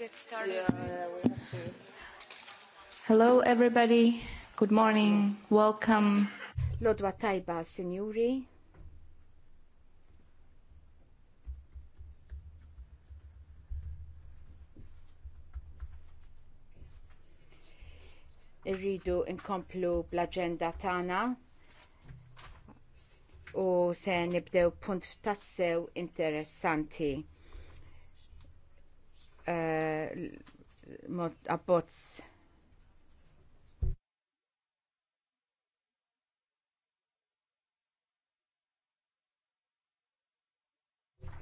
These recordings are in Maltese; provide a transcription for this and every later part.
get started. Yeah, yeah, Hello everybody. Good morning. Welcome. Lodwa tajba, signori. Irridu nkomplu bl-agenda tana u se nibdew punt tassew interessanti Eh, abbozz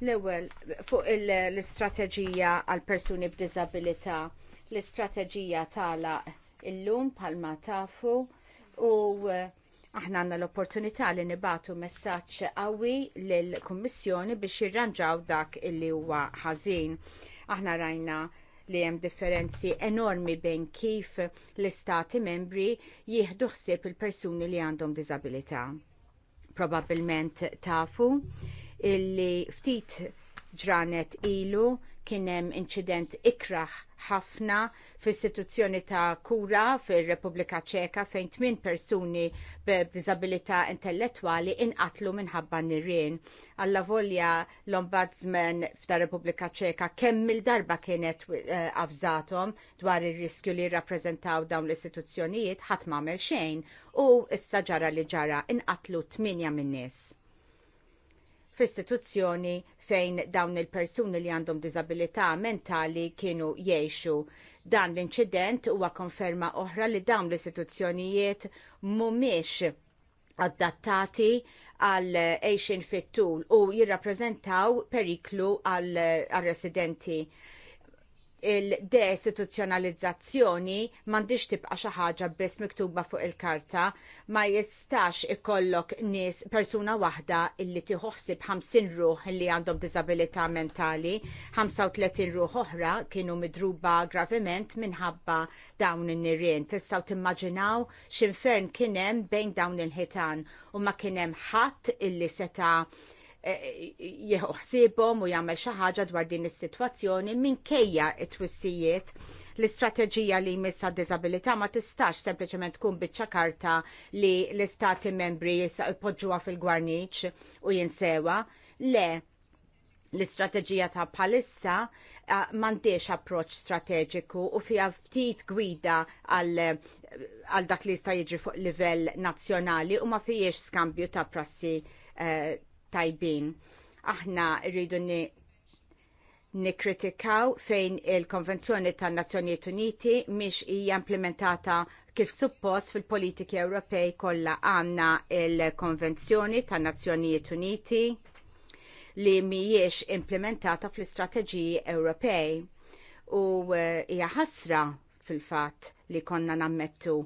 L-ewwel fuq l-istrateġija għal persuni b'diżabilità, l-istrateġija tala illum bħalma tafu u eh, aħna għandna l-opportunità li nibatu messaġġ qawwi lill-Kummissjoni biex jirranġaw dak illi huwa ħażin Aħna rajna li hemm differenzi enormi bejn kif l-istati membri jieħdu ħsieb il-persuni li għandhom diżabilità. Probabilment tafu illi ftit ġranet ilu kien hemm inċident ikraħ ħafna fl-istituzzjoni ta' kura fir-Repubblika Ċeka fejn tmien persuni b'diżabilità intellettwali inqatlu minħabba nirien. Alla volja l-Ombudsman f'ta' Repubblika Ċeka kemm il-darba kienet eh, avżatom dwar ir-riskju li jirrappreżentaw dawn l-istituzzjonijiet ħadd m'għamel xejn u issa ġara li ġara inqatlu tminja minn nies f'istituzzjoni fejn dawn il-persuni li għandhom diżabilità mentali kienu jgħixu. Dan l-inċident huwa konferma oħra li dawn l-istituzzjonijiet mhumiex adattati għal għejxin fit-tul u jirrappreżentaw periklu għal residenti il-deistituzzjonalizzazzjoni m'għandix tibqa xi ħaġa biss miktuba fuq il-karta, ma jistax ikollok nies persuna waħda illi tiħoħsib 50 ruħ li għandhom diżabilità mentali, 35 ruħ oħra kienu midruba graviment minħabba dawn in-nirien. Tistgħu timmaġinaw x'infern kien hemm bejn dawn il-ħitan u ma kien hemm ħadd illi seta' Eh, eh, jieħu ħsiebhom u jagħmel xi ħaġa dwar din is-sitwazzjoni minkejja t twissijiet l-istrateġija li jmissa għad disabilità ma tistax sempliċement tkun biċċa karta li l-istati membri poġġuha fil-gwarniċ u jinsewa. Le, l-istrateġija ta' bħalissa eh, m'għandix approċċ strateġiku u fiha ftit gwida għal, għal dak li jista' jiġri fuq livell nazzjonali u ma fijiex skambju ta' prassi tajbin. Aħna rridu nikritikaw fejn il-Konvenzjoni tan nazzjonijiet Uniti miex hija implementata kif suppost fil-politiki Ewropej kollha għandna il-Konvenzjoni tan Nazzjonijiet Uniti li mhijiex implementata fl-istrateġiji Ewropej u eh, hija ħasra fil-fatt li konna nammettu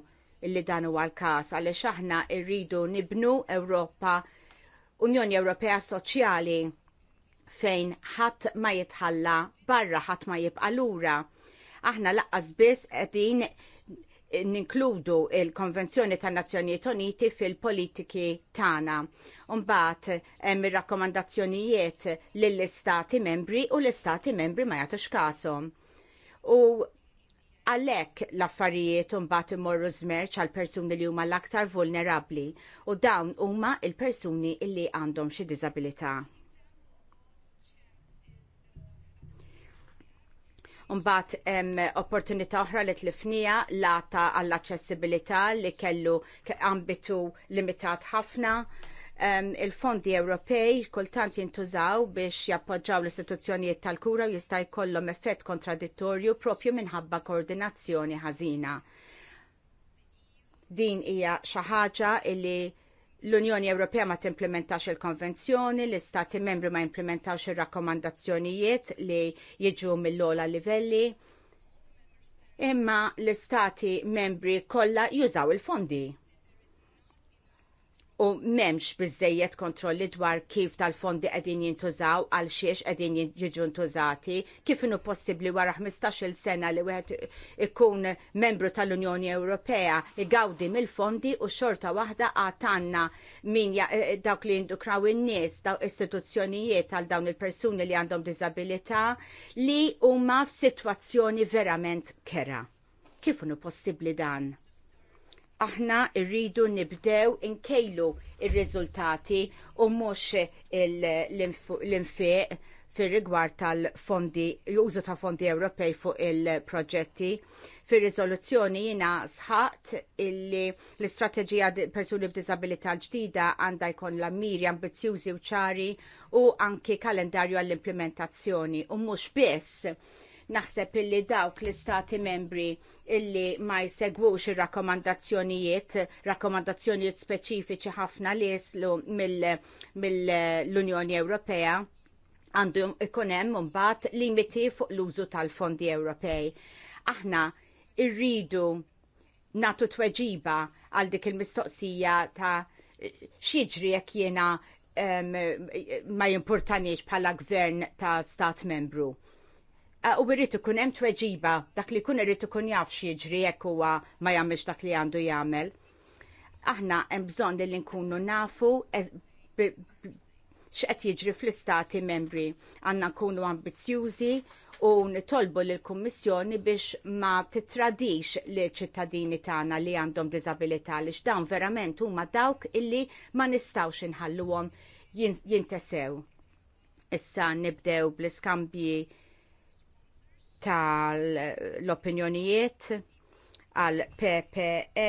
li dan huwa l-każ għaliex aħna rridu nibnu Ewropa Unjoni Ewropea Soċjali fejn ħadd ma jitħalla barra ħadd ma jibqa' lura. Aħna laqqas biss qegħdin ninkludu il-Konvenzjoni tan Nazzjonijiet Uniti fil-politiki tagħna. Mbagħad hemm ir-rakkomandazzjonijiet lill-istati membri u l-istati membri ma jagħtux kasom. U Għalhekk l-affarijiet imbagħad imorru zmerċ għal persuni li huma l-aktar vulnerabbli u dawn huma l persuni li għandhom xi diżabilità. Mbagħad hemm opportunità oħra li tlifnija lata għall-aċċessibilità li kellu ambitu limitat ħafna il-fondi Ewropej kultant jintużaw biex jappoġġaw l-istituzzjonijiet tal-kura u jista' jkollhom effett kontradittorju propju minħabba koordinazzjoni ħażina. Din hija xi ħaġa li l-Unjoni Ewropea ma timplementax il-konvenzjoni, l-istati membri ma jimplementawx ir-rakkomandazzjonijiet li jiġu mill-ola livelli. Imma l-istati membri kollha jużaw il-fondi u memx bizzejiet kontrolli dwar kif tal-fondi qegħdin jintużaw għal xiex qegħdin jiġu ntużati, kif inu possibbli wara 15-il sena li wieħed ikun membru tal-Unjoni Ewropea igawdi mill-fondi u xorta waħda għatanna min eh, eh, dawk li jindukraw in-nies daw istituzzjonijiet għal dawn il-persuni li għandhom diżabilità li huma f'sitwazzjoni verament kera. Kif inu possibbli dan? aħna rridu nibdew inkejlu il riżultati u mhux l-infiq fir rigward tal-fondi, l użu ta' fondi Ewropej fuq il-proġetti. fir riżoluzzjoni jiena sħaqt illi l-istrateġija persuni b'diżabilità ġdida għandha jkun la miri ambizzjużi u ċari u anki kalendarju għall-implementazzjoni u mhux biss Naħseb illi dawk l-istati membri illi ma jsegwux ir-rakkomandazzjonijiet, rakkomandazzjonijiet speċifiċi ħafna li jeslu mill-Unjoni Ewropea għandu ikunem mbagħad limiti fuq l-użu tal-fondi Ewropej. Aħna irridu natu tweġiba għal dik il-mistoqsija ta' xieġri jekk jiena ma jimpurtanix bħala gvern ta' stat membru u irrid ikun hemm tweġiba dak li jkun irrid ikun jaf x'jiġri jekk huwa ma jagħmilx dak li għandu jagħmel. Aħna hemm bżonn li nkunu nafu x'qed jiġri fl-istati membri. Għandna nkunu ambizzjużi u nitolbu lill-Kummissjoni biex ma titradix li ċittadini tagħna li għandhom diżabilità li dawn verament huma dawk illi ma nistgħux inħalluhom jintesew. Issa nibdew bl-iskambji tal-opinjonijiet għal PPE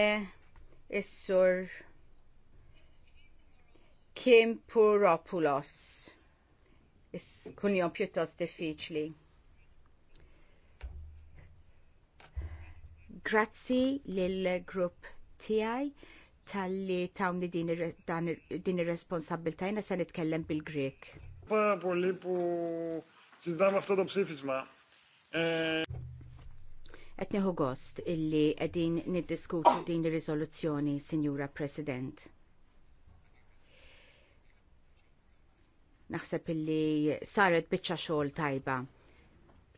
is-sur Kim Puropoulos. Kunjon pjuttost diffiċli. Grazzi l grupp tijaj tal-li tawni din ir responsabiltajna se nitkellem bil-Grek. Pa, poli, sizdam għaftodobsi fisma. Qed nieħu gost illi qegħdin niddiskutu din ir-riżoluzzjoni, Signora President. Naħseb illi saret biċċa xogħol tajba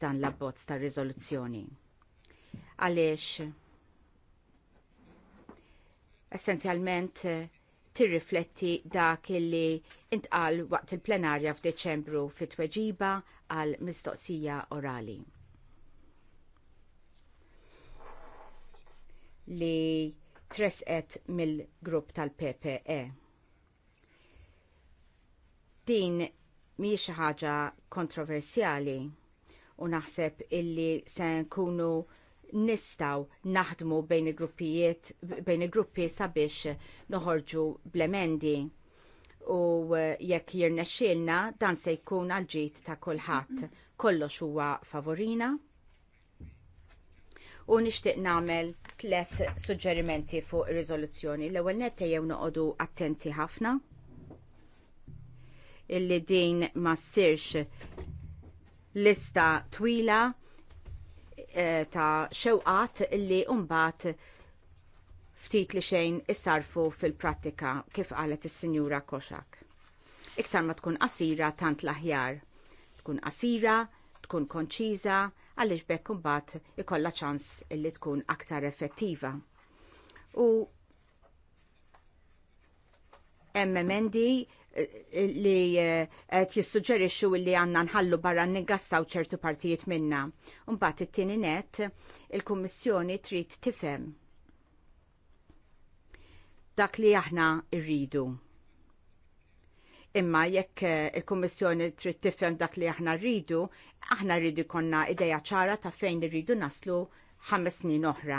dan l-abbozz tar riżoluzzjoni. Għaliex essenzjalment eh, tirrifletti dak illi intqal waqt il-plenarja f'Deċembru fit-tweġiba għal mistoqsija orali. li tresqet mill-grupp tal-PPE. Din miex ħaġa kontroversjali u naħseb illi se nkunu nistaw naħdmu bejn il-gruppijiet, bejn il-gruppi sabiex noħorġu blemendi u eh, jekk jirnexxilna, dan se jkun għal ġid ta' kulħadd. Kollox huwa favorina u nixtieq nagħmel tliet suġġerimenti fuq ir-riżoluzzjoni. L-ewwel nett jew noqogħdu attenti ħafna illi din ma ssirx lista twila eh, ta' xewqat li mbagħad ftit li xejn issarfu fil-prattika kif qalet is-Sinjura Koxak. Iktar ma tkun qasira tant l-aħjar. Tkun qasira, tkun konċiża, għaliex bekk imbagħad ikollha ċans li tkun aktar effettiva. U hemm emendi eh, li eh, qed jissuġġerixxu li għandna nħallu barra ngassaw ċertu partijiet minna. imbagħad it-tieni net il-Kummissjoni trid tifhem dak li aħna rridu Imma jekk eh, il-Kummissjoni trid tifhem dak li aħna rridu, aħna rridu konna ideja ċara ta' fejn irridu naslu ħames snin oħra.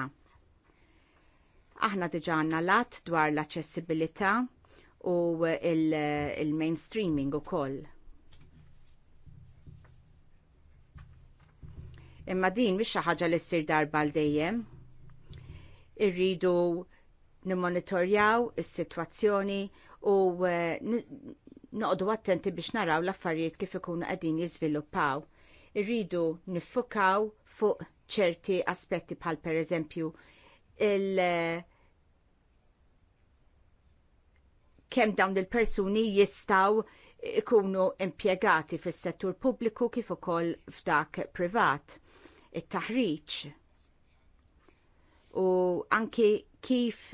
Aħna diġa għanna lat dwar l-aċċessibilità u il-mainstreaming il ukoll. Imma din mhix xi ħaġa li ssir darba l dejjem. Irridu nimmonitorjaw is-sitwazzjoni u eh, noqdu attenti biex naraw l-affarijiet kif ikunu qegħdin jiżviluppaw. Irridu niffukaw fuq ċerti aspetti bħal pereżempju il- kemm dawn il-persuni jistaw ikunu impjegati fis-settur pubbliku kif ukoll f'dak privat. It-taħriġ u anki kif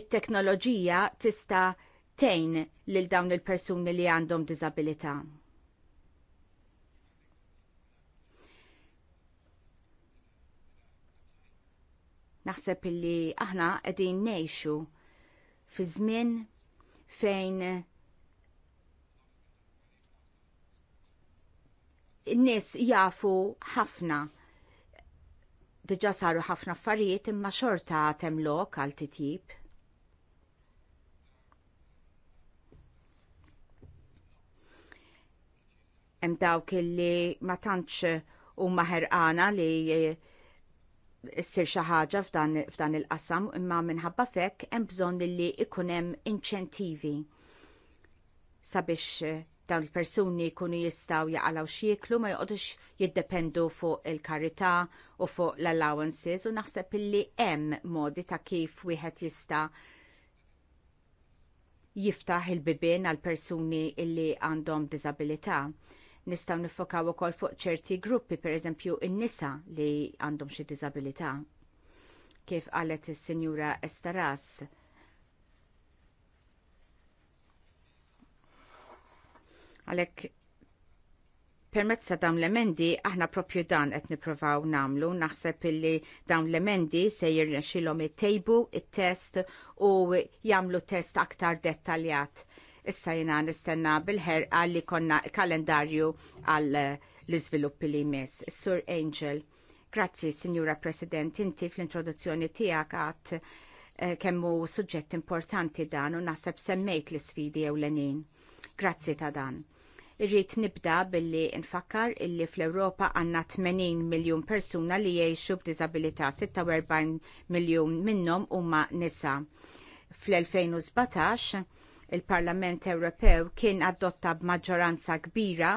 it-teknoloġija tista' tejn lil dawn il-persuni li għandhom disabilità. Naħseb illi aħna qegħdin ngħixu fi żmien fejn n-nies jafu ħafna diġà saru ħafna affarijiet imma xorta għatem lok għal titjib. Hemm dawk illi ma tantx huma ħerqana li issir xi ħaġa f'dan il-qasam imma minħabba fekk hemm bżonn li ikun hemm inċentivi sabiex eh, dawn il-persuni jkunu jistgħu jaqalaw xieklu ma jgħodux jiddependu fuq il-karità u fuq l-allowances u naħseb illi hemm modi ta' kif wieħed jista' jiftaħ il-bibien għal persuni illi għandhom diżabilità Nistgħu nifokaw ukoll fuq ċerti gruppi, pereżempju in-nisa li għandhom xi diżabilità. Kif qalet is-Sinjura Estaras, Għalhekk permezz ta' dawn l-emendi aħna propju dan qed nippruvaw namlu, naħseb illi dawn l-emendi se jirnexilhom it-tejbu it-test u jagħmlu test aktar dettaljat Issa jina nistenna bil-ħerqa li konna kalendarju għal eh, l iżviluppi li jmiss. Sur Angel, grazzi, Signora President, inti fl-introduzzjoni tijak għat eh, kemmu suġġett importanti dan u naħseb semmejt l-sfidi l-enin. Grazzi ta' dan. Irrid nibda billi nfakkar illi fl-Ewropa għandna 80 miljun persuna li jgħixu b'diżabilità 46 miljun minnhom huma nisa. Fl-2017 Il-Parlament Ewropew kien adotta b'maġġoranza kbira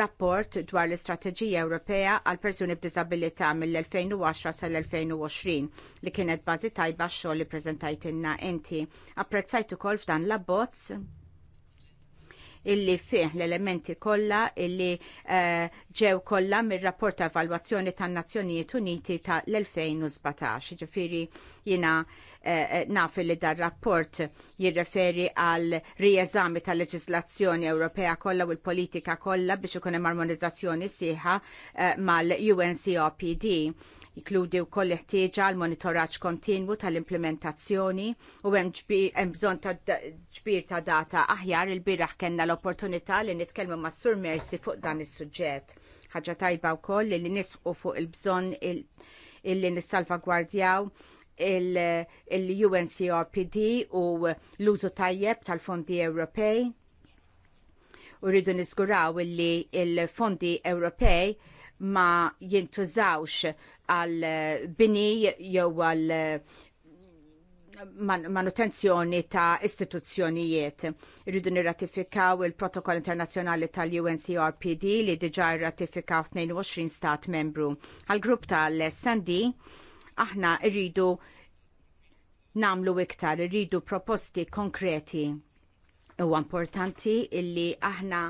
rapport dwar l-Istrateġija Ewropea għal persuni b'diżabilità mill-2010 sal-2020 li kienet bażi tajba x-xogħol li preżentajtilna inti. Apprezzajt ukoll f'dan l-abbozz illi fih l-elementi kollha illi eh, ġew uh, kollha mir-rapport ta' evalwazzjoni tan-Nazzjonijiet Uniti tal 2017 Ġifieri jiena Eh, eh, naf li dar rapport jirreferi għal rieżami tal leġislazzjoni Ewropea kollha u l-politika kollha biex ikun hemm armonizzazzjoni sieħa eh, mal-UNCOPD jikludi u koll ħtieġa l monitoraġġ kontinwu tal-implementazzjoni u hemm bżonn ta' ġbir ta' data aħjar il-biraħ kellna l-opportunità li nitkellmu ma' Sur Mersi fuq dan is-suġġett. Ħaġa tajba wkoll li nisqu fuq il-bżonn li nissalvagwardjaw il-UNCRPD u l-użu tajjeb tal-fondi Ewropej. U rridu niżguraw li il-fondi Ewropej ma jintużawx għal bini jew għal man manutenzjoni ta' istituzzjonijiet. Irridu nirratifikaw il-protokoll internazzjonali tal-UNCRPD li diġa rratifikaw 22 stat membru. Għal grupp tal-SND Aħna rridu namlu iktar, rridu proposti konkreti. Huwa importanti illi aħna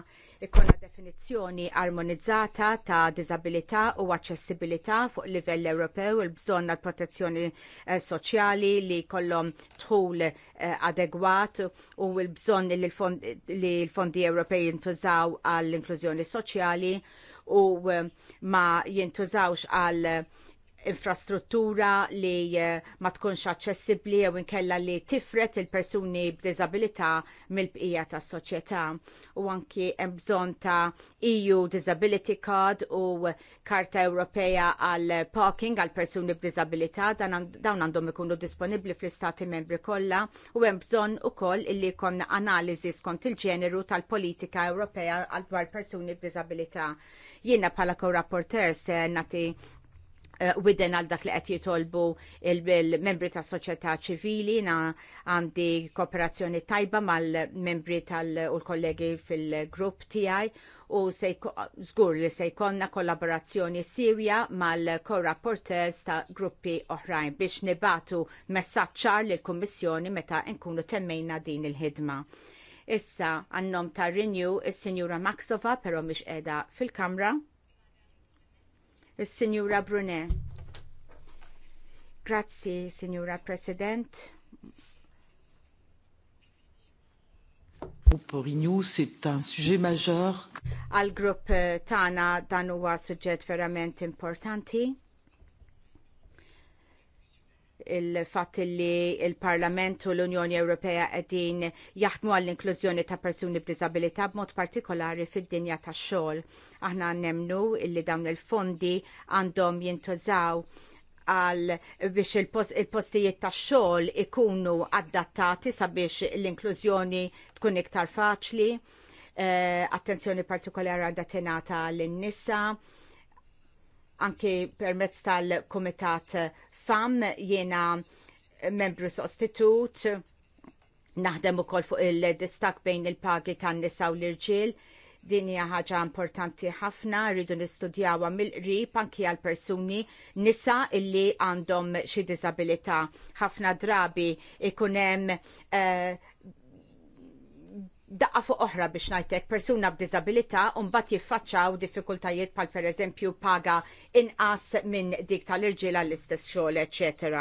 ikkonna definizzjoni armonizzata ta' disabilità u aċċessibilità fuq livell Ewropew il-bżonn għal protezzjoni eh, soċjali li kollom tħul eh, adegwat u l-bżonn li l-fondi Ewropej jintużaw għall inklużjoni soċjali u eh, ma jintużawx għal infrastruttura li eh, ma tkunx aċċessibbli jew inkella li tifret il-persuni b'diżabilità mill-bqija tas-soċjetà. U anki hemm bżonn ta' EU Disability Card u Karta Ewropea għal parking għal persuni b'diżabilità dawn għandhom ikunu disponibbli fl-istati membri kollha u hemm bżonn ukoll illi jkollna analiżi skont il-ġeneru tal-politika Ewropea għal dwar persuni b'diżabilità. Jiena bħala co-rapporter se nagħti Eh, Widden għal dak li qed jitolbu il-membri tas soċjetà ċivili na għandi kooperazzjoni tajba mal-membri tal-kollegi fil-grupp tiegħi u żgur li se jkollna kollaborazzjoni sirja mal-co-rapporters ta' gruppi oħrajn biex nibatu messaċċar lill kummissjoni meta nkunu temmejna din il-ħidma. Issa għannom ta' Renew is-Sinjura Maxova però mhix qiegħda fil-Kamra il-Sinjura Brunet. Grazzi, Sinjura President. Pour Renew, c'est un sujet majeur. al grupp eh, tana dan huwa suġġett verament importanti il-fatt li il-Parlament u l-Unjoni Ewropea qegħdin jaħdmu għall-inklużjoni ta' persuni b'diżabilità b'mod partikolari fid-dinja tax xogħol. Aħna nemnu li dawn il-fondi għandhom jintużaw għal biex il-postijiet tax xogħol ikunu adattati sabiex l-inklużjoni tkun iktar faċli, eh, attenzjoni partikolari għandha tingħata lin-nisa, anke permezz tal-Kumitat fam jiena membru sostitut naħdem ukoll fuq il-distak bejn il-pagi tan-nisa u l-irġiel din hija ħaġa importanti ħafna rridu nistudjawha mill-qrib anki għal persuni nisa illi għandhom xi diżabilità. Ħafna drabi ikun hemm uh, daqqa fuq oħra biex najtek persuna b'dizabilità unbat jiffaċċaw diffikultajiet pal per eżempju paga inqas minn dik tal irġiel l-istess xogħol, eċetera.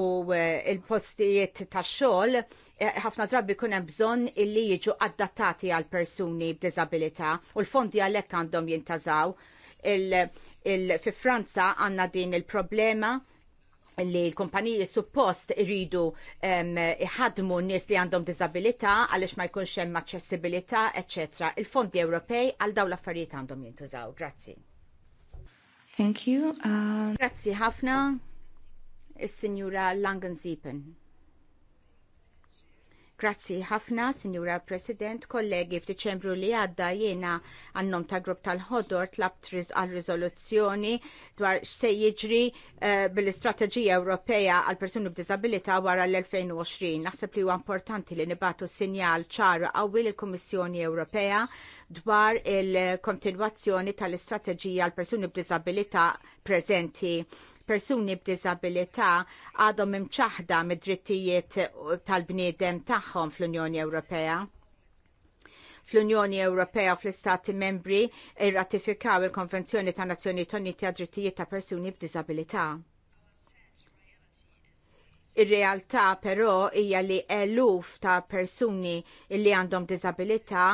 U eh, il-postijiet tax xogħol eh, ħafna drabi kun hemm bżonn illi jiġu adattati għal persuni b'diżabilità u l-fondi għalhekk għandhom jintażaw. Il, il, fi Franza għandna din il-problema li l-kumpaniji suppost iridu iħadmu nies li għandhom disabilità għaliex ma jkunx hemm aċċessibilità, etc. Il-fondi Ewropej għal dawn l-affarijiet għandhom jintużaw. Grazzi. Thank you. Uh... Grazzi ħafna. Is-Sinjura Langen Siepen. Grazzi ħafna, Sinjura President, kollegi, f'Diċembru li għadda jiena għannom ta' grupp tal-ħodor tlabt għal Rizoluzzjoni dwar x'se jiġri uh, bil-Istrateġija Ewropea għal persuni b'Diżabilità wara l-2020. Naħseb li huwa importanti li nibatu sinjal ċara qawwi lill-Kummissjoni Ewropea dwar il-kontinwazzjoni tal-istrateġija għal persuni b'Diżabilità preżenti persuni b'diżabilità għadhom imċaħda mid-drittijiet tal-bniedem tagħhom fl-Unjoni Ewropea fl-Unjoni Ewropea u fl-Istati membri irratifikaw il-Konvenzjoni ta' Nazzjoni Uniti għad drittijiet ta' persuni b'diżabilità. Ir-realtà però hija li eluf ta' persuni li għandhom diżabilità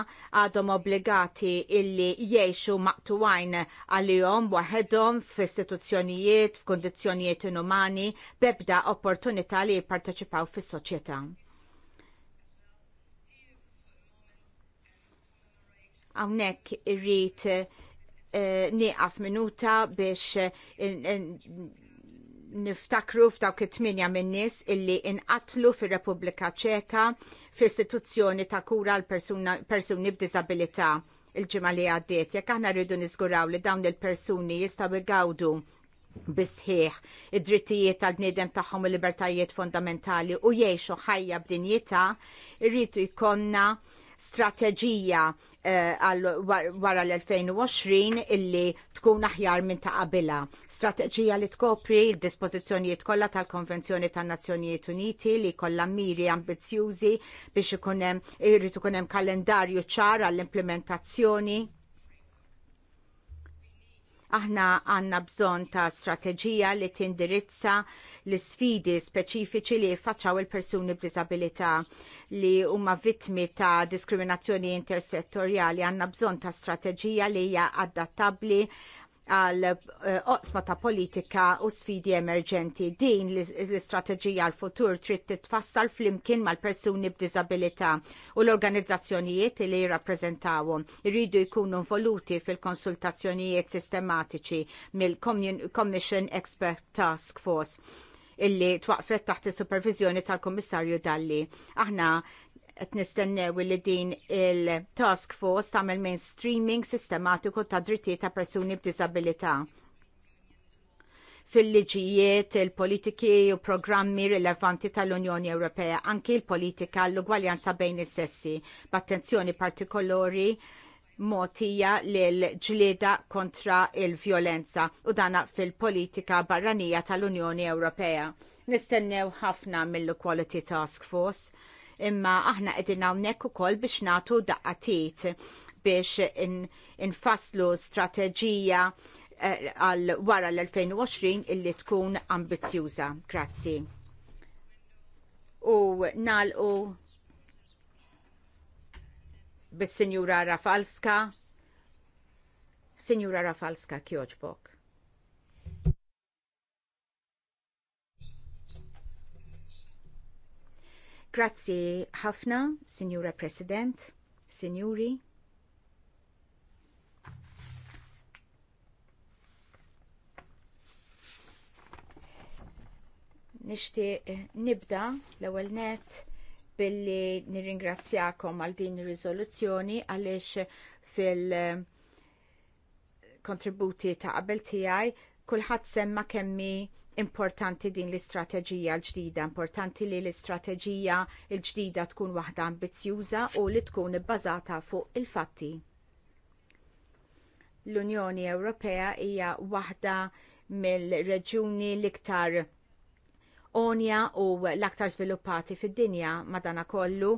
għadhom obbligati illi jgħixu maqtuwajn għalihom waħedhom f'istituzzjonijiet f'kundizzjonijiet inumani bebda opportunità li jipparteċipaw fis-soċjetà. Hawnhekk irrid eh, nieqaf minuta biex niftakru f'dawk it-tminja minn nies illi inqatlu fir-Repubblika Ċeka f'istituzzjoni istituzzjoni ta' kura l persuni b'diżabilità il-ġimgħa li għaddiet. Jekk aħna rridu niżguraw li dawn il-persuni jistgħu jgawdu bisħiħ id-drittijiet tal-bniedem tagħhom u libertajiet fondamentali u jgħixu ħajja b'dinjità, irridu jkollna strateġija eh, wara l-2020 illi tkun aħjar minn ta' qabilha. Strateġija li tkopri l-dispożizzjonijiet kollha tal-Konvenzjoni tan-Nazzjonijiet Uniti li kollha miri ambizzjużi biex ikun hemm irid ikun hemm kalendarju ċar għall-implementazzjoni Aħna għandna bżonn ta' strateġija li tindirizza l isfidi speċifiċi li jfaċċaw il-persuni b'diżabilità li huma vittmi ta' diskriminazzjoni intersettorjali għandna bżonn ta' strateġija li hija adattabbli għal eh, oqsma ta' politika u sfidi emerġenti. Din l-istrateġija għal futur trid titfassal flimkien mal-persuni b'diżabilità u l-organizzazzjonijiet li jirrappreżentawhom. Irridu jkunu involuti fil-konsultazzjonijiet sistematiċi mill-Commission Expert Task Force illi twaqfet taħt is supervizjoni tal-Kummissarju Dalli. Aħna qed nistennew li din il-task force tagħmel mainstreaming sistematiku ta' drittijiet ta' persuni b'diżabilità fil-liġijiet, il-politiki u programmi rilevanti tal-Unjoni Ewropea, anki l-politika l-ugwaljanza bejn is-sessi, b'attenzjoni partikolari motija l-ġlieda kontra il-vjolenza u dana fil-politika barranija tal-Unjoni Ewropea. Nistennew ħafna mill-Equality Task Force imma aħna qegħdin hawnhekk ukoll biex nagħtu daqqatiet biex infaslu in strateġija eh, għal uh, wara l-2020 illi tkun ambizjuża. Grazzi. U nalqu bis-Sinjura Rafalska. Sinjura Rafalska kjoġbok. Grazzi ħafna, Signora President, Signori. Nishti eh, nibda l-ewwel net billi nirringrazzjakom għal din ir-riżoluzzjoni għaliex fil- eh, kontributi ta' qabel tiegħi kulħadd semma kemmi importanti din l-istrateġija l-ġdida, importanti li l-istrateġija l-ġdida tkun waħda ambizjuża u li tkun bbażata fuq il-fatti. L-Unjoni Ewropea hija waħda mill-reġjuni l-iktar onja u l-aktar sviluppati fid-dinja madanakollu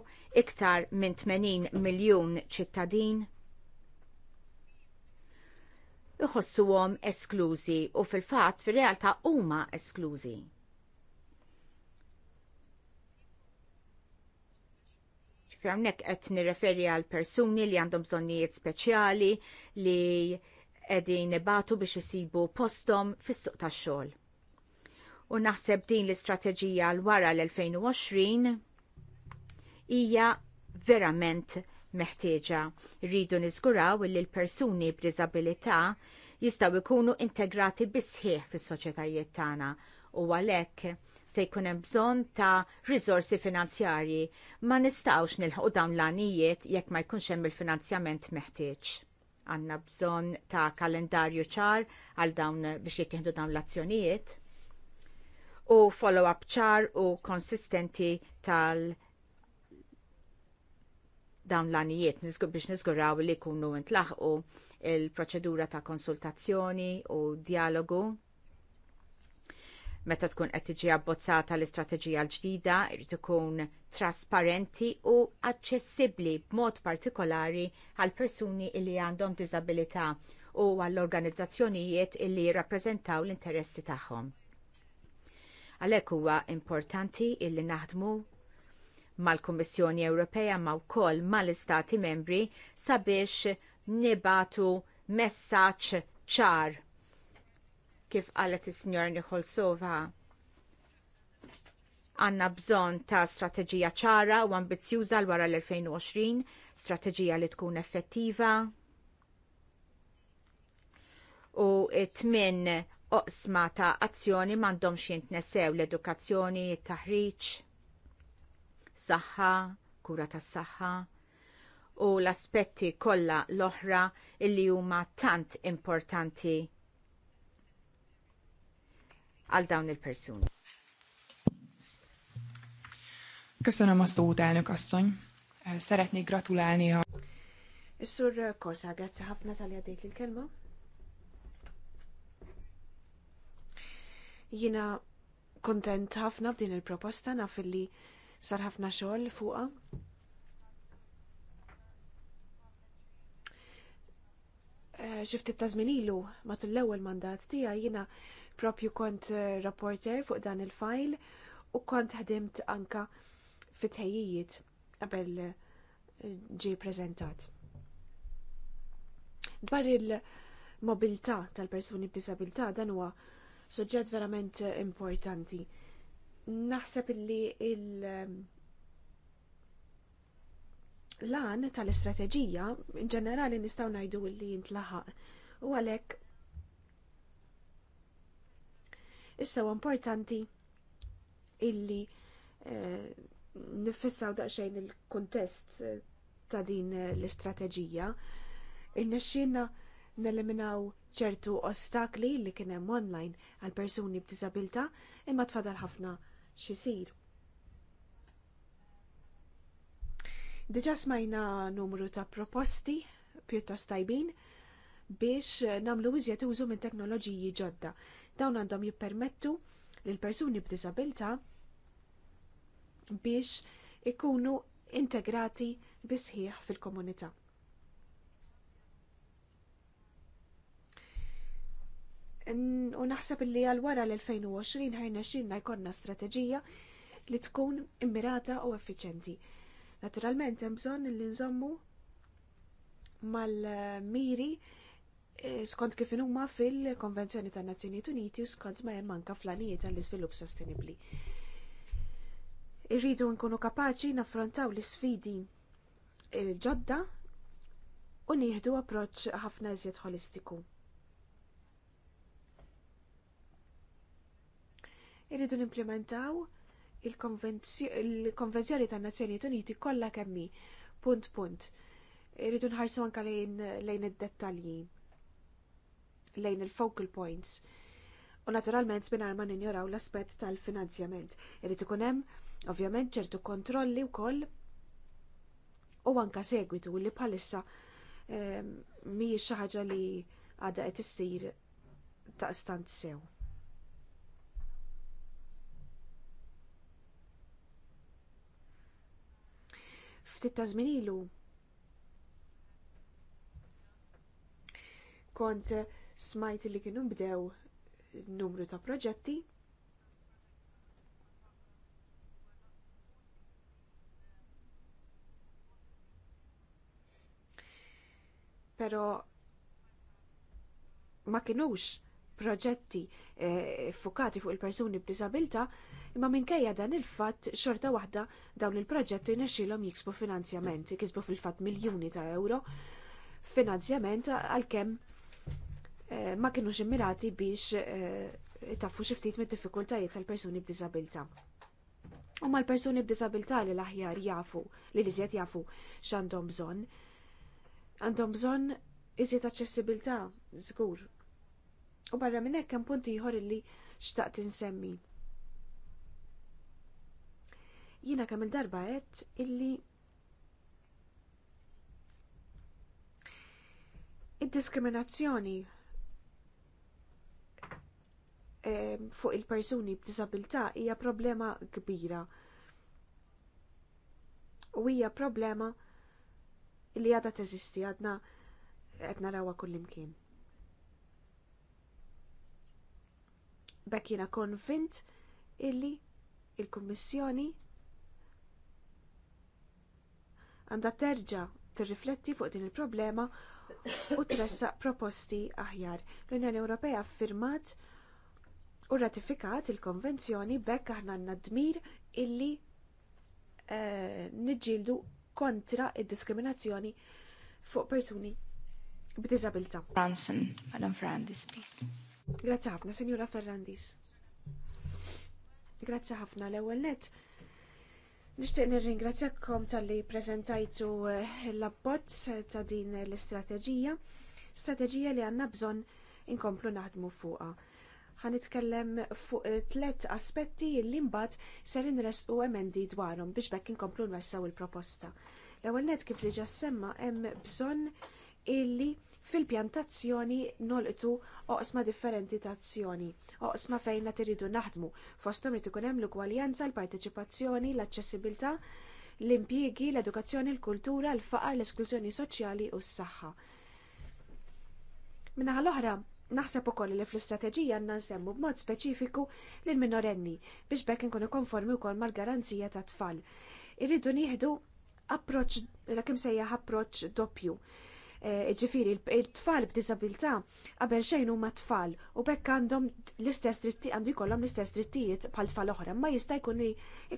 iktar minn 80 miljun ċittadin iħossuhom esklużi u fil-fatt fir-realtà huma esklużi. Hawnhekk qed nirreferi għal persuni li għandhom bżonnijiet speċjali li qegħdin ibatu biex jisibu posthom fis-suq tax-xogħol. U naħseb din l-istrateġija l wara l-2020 hija verament meħtieġa. Rridu niżguraw li l-persuni b'diżabilità jistgħu jkunu integrati bisħieħ fis-soċjetajiet tagħna u għalhekk se jkun hemm bżonn ta' riżorsi finanzjarji ma nistgħux nilħu dawn l-għanijiet jekk ma jkunx hemm il-finanzjament meħtieġ. Għanna bżonn ta' kalendarju ċar għal dawn biex jittieħdu dawn l-azzjonijiet u follow-up ċar u konsistenti tal- dawn l-anijiet biex nizguraw li jkunu intlaħqu il-proċedura ta' konsultazzjoni u dialogu meta tkun qed tiġi abbozzata l-istrateġija l-ġdida jrid ikun trasparenti u aċċessibbli b'mod partikolari għal persuni li għandhom diżabilità u għall organizzazzjonijiet li jirrappreżentaw l-interessi tagħhom. Għalhekk huwa importanti illi naħdmu mal-Kummissjoni Ewropea ma wkoll mal-Istati membri sabiex nibatu messaġġ ċar kif qalet is-Sinjor Nikolsova għanna bżon ta' strateġija ċara u ambizjuża l wara l-2020, strateġija li tkun effettiva. U it-tmin oqsma ta' azzjoni m'għandhomx jintnesew l-edukazzjoni, it-taħriġ, saħħa, kura tas-saħħa u l-aspetti kollha l-oħra illi huma tant importanti għal dawn il-persuni. Köszönöm a szót, elnök asszony. Szeretnék gratulálni a... Is-sur Kosa, grazzi ħafna tal dejt il-kelma. Jina kontent ħafna b'din il-proposta naf illi li sar ħafna xogħol fuqha. Eh, Xifti ta' ilu matul l-ewwel mandat tiegħi jiena propju kont eh, rapporter fuq dan il-fajl u kont ħdimt anka fit-tejjijiet qabel eh, ġi prezentat. Dwar il-mobilità tal-persuni b'disabilità dan huwa suġġett verament importanti Naħseb li il- ehm, lan tal-istrateġija in ġenerali nistgħu ngħidu li jintlaħaq u għalhekk issa huwa importanti illi eh, nifissaw daqsxejn il-kontest eh, ta' din l-istrateġija, irnexxina neliminaw ċertu ostakli li kien hemm online għal persuni b'diżabilità imma tfadal ħafna xisir. Diġa smajna numru ta' proposti pjuttost tajbin biex namlu iżjed użu minn teknoloġiji ġodda. Dawn għandhom jippermettu lill persuni b'disabilta biex ikunu integrati bisħiħ fil-komunità. U naħseb li għal wara l-2020 ħajna xinna jkollna strateġija li tkun immirata u effiċenti. Naturalment hemm bżonn li nżommu mal-miri eh, skont kif huma fil-Konvenzjoni tan-Nazzjonijiet Uniti u skont ma hemm anka flanijiet għall-iżvilupp sostenibbli. Irridu nkunu kapaċi naffrontaw l-isfidi il-ġodda u nieħdu approċċ ħafna iżjed holistiku. Irridu nimplementaw il-konvenzjoni tan nazzjonijiet Uniti kollha kemmi, punt punt. Irridu nħarsu anka lejn id-dettalji, lejn il-focal points. U naturalment minn ma ninjoraw l-aspett tal-finanzjament. Irrid ikun hemm ovvjament ċertu kontrolli wkoll u anka segwitu li bħalissa ehm, mhijiex xi ħaġa li għadha qed issir taqstant sew. ftit ta' żmien ilu. Kont smajt li kienu bdew numru ta' proġetti pero ma kienux proġetti eh, fukati fuq il-persuni b'disabilta imma minkejja dan il-fatt xorta waħda dawn il proġett jnexilom jiksbu finanzjament, jiksbu fil-fatt miljuni ta' euro finanzjament għalkemm kem eh, ma kienu immirati biex eh, taffu xi ftit mid-diffikultajiet tal-persuni b'diżabilità. U ma l-persuni b'diżabilità li l-aħjar jafu, li l-iżjed jafu x'għandhom bżonn, għandhom bżonn iżjed aċċessibilità, żgur. U barra minn hekk hemm punt ieħor illi xtaqt insemmi Jina kemm il-darba għedt illi il diskriminazzjoni eh, fuq il-persuni b'disabilità hija problema kbira. U hija problema li għadha teżisti għadna qed narawha kullimkien. Bekk jiena konvint illi il-Kummissjoni għandha terġa' tirrifletti fuq din il-problema u tressaq proposti aħjar. L-Unjoni Ewropea firmat u ratifikat il-konvenzjoni bekk aħna għandna dmir illi eh, niġġieldu kontra d diskriminazzjoni fuq persuni b'diżabilità. Branson, Madam Ferrandis, please. Grazie ħafna, Signora Ferrandis. Grazzi ħafna l-ewwel nett Nishtiq nirringrazzjakkom tal-li prezentajtu eh, l-abbozz ta' din l-istrateġija, strateġija li għanna bżon inkomplu naħdmu fuqa. Ħanitkellem fuq eh, tlet aspetti li mbagħad ser inresqu emendi dwarhom biex bekk inkomplu nwessaw il-proposta. L-ewwel net kif diġà semma hemm bżonn illi fil-pjantazzjoni nolqtu oqsma differenti ta' azzjoni, oqsma fejn qed iridu naħdmu, fosthom irid ikun hemm l-ugwaljanza, l-parteċipazzjoni, l-aċċessibilità, l-impjiegi, l-edukazzjoni, l-kultura, l-faqar, l-esklużjoni soċjali u s-saħħa. Minnaħa l-oħra, naħseb ukoll li fl-istrateġija għandna nsemmu b'mod speċifiku lil minorenni biex bekk inkunu konformi wkoll mal-garanzija tat tfal. Irridu nieħdu approċċ, l sejjaħ approċċ doppju Eh, ġifiri il-tfal b'disabilità qabel xejn huma tfal u bekk għandhom l-istess dritti għandu jkollhom l-istess drittijiet bħal tfal oħra, ma jista' jkun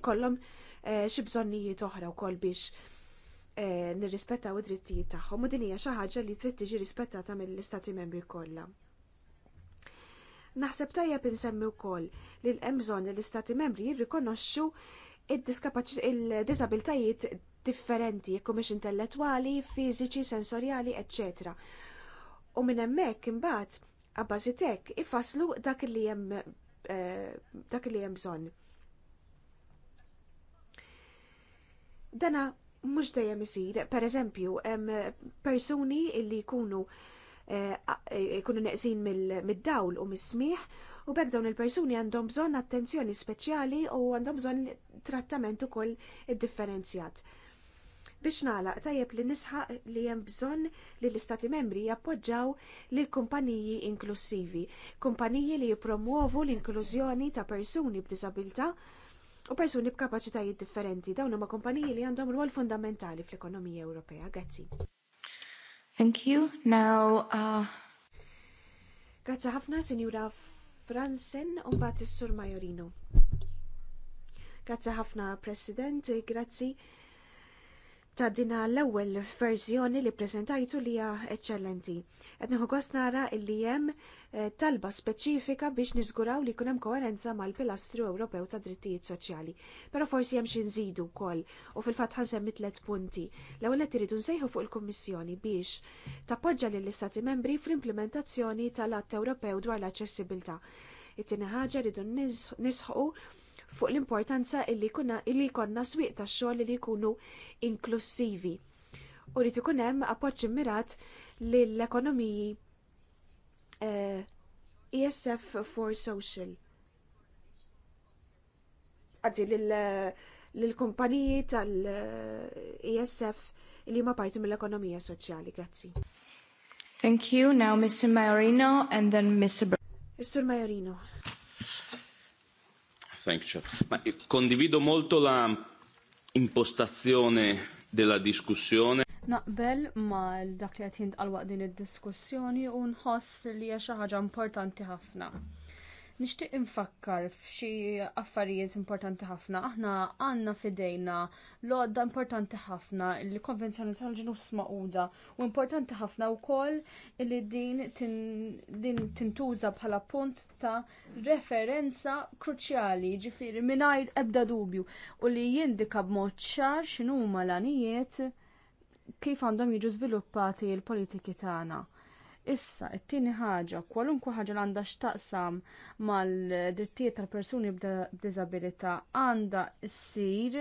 ikollhom eh, xi bżonnijiet oħra wkoll biex eh, nirrispettaw id-drittijiet tagħhom u din hija xi ħaġa li trid tiġi rispettata mill-istati membri kollha. Naħseb tajjeb insemmi wkoll li l-hemm bżonn li l-istati membri jirrikonoxxu id id-diżabilitajiet differenti, jekk mhux intellettwali, fiżiċi, sensorjali, etc. U minn hemmhekk imbagħad abbażitek ifasslu dak li hemm eh, dak li hemm bżonn. Dana mhux dejjem isir, pereżempju, hemm persuni li jkunu eh, jkunu neqsin mid-dawl u mis-smieħ u bekk dawn il-persuni għandhom bżonn attenzjoni speċjali u għandhom bżonn trattament ukoll differenzjat. Biex nalaq tajjeb li nisħaq li hemm bżonn li l-Istati membri jappoġġaw lil kumpaniji inklusivi, kumpaniji li jipromuovu l-inklużjoni ta' persuni b'disabilità u persuni b'kapaċitajiet differenti. Dawn huma kumpaniji li għandhom rwol fundamentali fl-ekonomija Ewropea. Grazzi. Thank you. Now, uh... Grazzi ħafna, Sinjura Fransen, u mbagħad is-Sur Majorino. Grazzi ħafna, President, grazzi ta' dina l-ewwel verżjoni li prezentajtu li hija eċċellenti. Qed neħu gost nara illi hemm eh, talba speċifika biex niżguraw li jkun hemm koerenza mal-pilastru Ewropew ta' drittijiet soċjali. Però forsi hemm xi nżidu wkoll u fil-fatt ħansemmi tliet punti. L-ewwel qed iridu nsejħu fuq il-Kummissjoni biex tappoġġa lill-Istati membri fl-implementazzjoni tal-Att Ewropew dwar l-aċċessibilità. It-tieni ħaġa rridu nisħu nis fuq l-importanza illi kuna illi konna swieq ta' xogħol li jkunu inklusivi. U rrid ikun hemm appoġġ immirat lill-ekonomiji ESF eh, e for Social. Għadzi lill-kumpaniji tal-ESF eh, e li ma parti mill-ekonomija soċjali. Grazzi. Thank you. Now Mr. Majorino and then Mr. Br Mr. Majorino. Thank you. Ma eh, condivido molto la impostazione della discussione. Naqbel ma dak li qed għal waqt din id-diskussjoni u nħoss li hija xi ħaġa importanti ħafna. Nixtieq infakkar f'xi affarijiet importanti ħafna. Aħna għandna fidejna l-għodda importanti ħafna il-Konvenzjoni tal-Ġnus smaquda u importanti ħafna wkoll li din din tintuża bħala punt ta' referenza kruċjali, ġifieri mingħajr ebda dubju u li jindika b'mod ċar x'inhuma l-għanijiet kif għandhom jiġu żviluppati l-politiki tagħna Issa, it-tieni ħaġa, kwalunkwe ħaġa li għandha x'taqsam mal-drittijiet tal-persuni b'diżabilità għandha ssir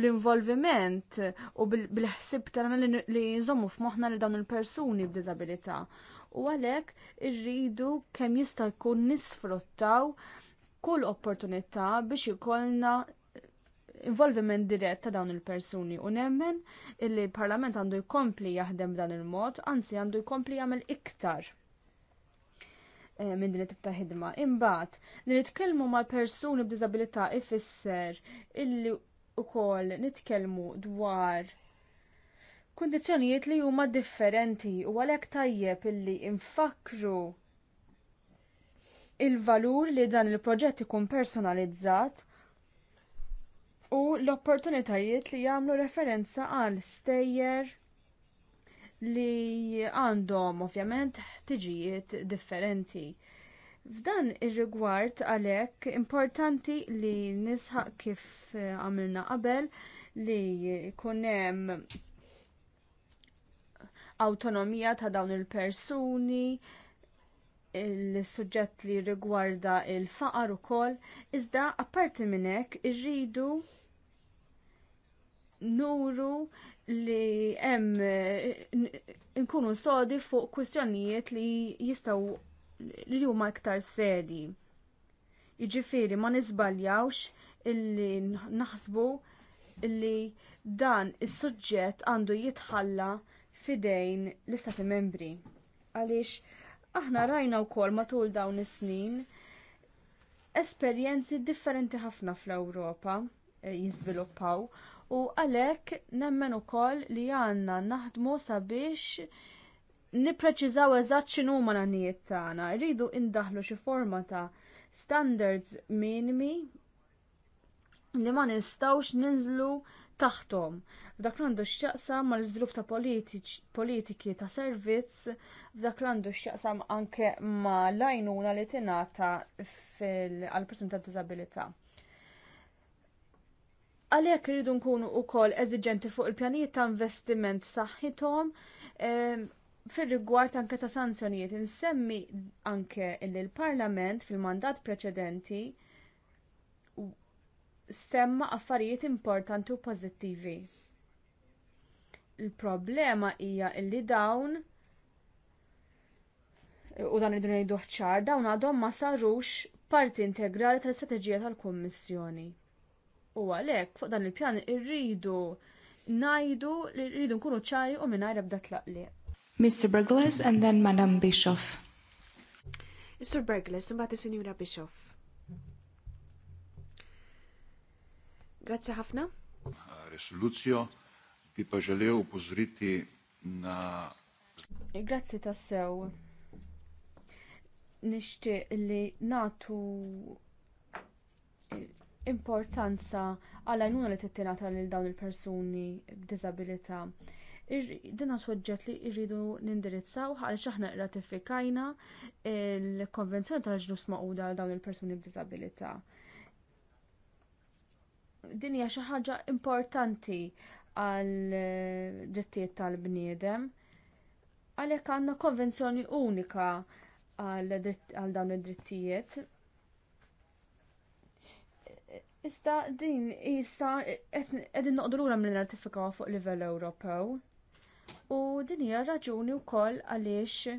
bl-involviment u bil-ħsieb tagħna li jżommu f'moħħna li dawn il-persuni b'diżabilità. U għalhekk irridu kemm jista' jkun nisfruttaw kull opportunità biex ikollna involviment dirett ta' dawn il-persuni u nemmen li l-Parlament għandu jkompli jaħdem dan il-mod, anzi għandu jkompli jagħmel iktar eh, minn din it-tip ta' ħidma. Imbagħad li nitkellmu mal persuni b'diżabilità ifisser illi wkoll nitkellmu dwar kundizzjonijiet li huma differenti u għalhekk tajjeb illi infakru il-valur li dan il-proġett ikun personalizzat u l-opportunitajiet li jagħmlu referenza għal stejjer li għandhom ovvjament ħtiġijiet differenti. F'dan ir-rigward għalhekk importanti li nisħaq kif għamilna qabel li jkun hemm awtonomija ta' dawn il-persuni, il-suġġett li rigwarda il-faqar ukoll, iżda apparti minn hekk irridu nuru li hemm eh, nkunu sodi fuq kwistjonijiet li jistgħu li huma iktar seri. Jiġifieri ma nisbaljawx illi naħsbu li dan is-suġġett għandu jitħalla fidejn l-istati membri. Għaliex aħna rajna wkoll matul dawn is-snin esperjenzi differenti ħafna fl-Ewropa eh, jiżviluppaw u għalhekk nemmen ukoll li għandna naħdmu sabiex nippreċiżaw eżatt xinu ma nanijiet għanijiet tagħna, rridu indaħlu xi forma ta' standards minimi li ma nistawx ninżlu taħtom. F'dak l-għandu x'jaqsam mal iżvilupp ta' politiki ta' servizz, f'dak l-għandu x'jaqsam anke ma' lajnuna li tingħata għal persuni ta' disabilità. Għalhekk iridu nkunu wkoll eżiġenti fuq il-pjanijiet ta' investiment saħħithom ehm, fir-rigward anke ta' sanzjonijiet insemmi anke li l-Parlament fil-mandat preċedenti semma affarijiet importanti u pożittivi. Il-problema hija li dawn u dan idu ngħidu ċar dawn għadhom ma sarux parti integrali tal strategija tal-Kummissjoni U għalhekk fuq dan il-pjan irridu ngħidu li rridu nkunu ċari u mingħajr ebda tlaqli. Mr. Burgles and then Madam Bischoff. Mr. Burgles, mbati is Bischoff. Grazzi ħafna. Resoluzio. bi paġalew pożriti na. Grazzi tassew. Nixtieq li natu importanza għal-għajnuna li tittinata lil dawn il-persuni b'diżabilità. Din suġġett li rridu nindirizzaw għaliex aħna ratifikajna l konvenzjoni tal-ġnus maquda għal dawn il-persuni b'diżabilità. Din hija xi ħaġa importanti għal drittijiet tal-bniedem għalhekk għandna konvenzjoni unika għal dawn id-drittijiet Iżda din jista qegħdin noqdu lura mill-ratifikaw fuq livell Ewropew. U din hija raġuni wkoll għaliex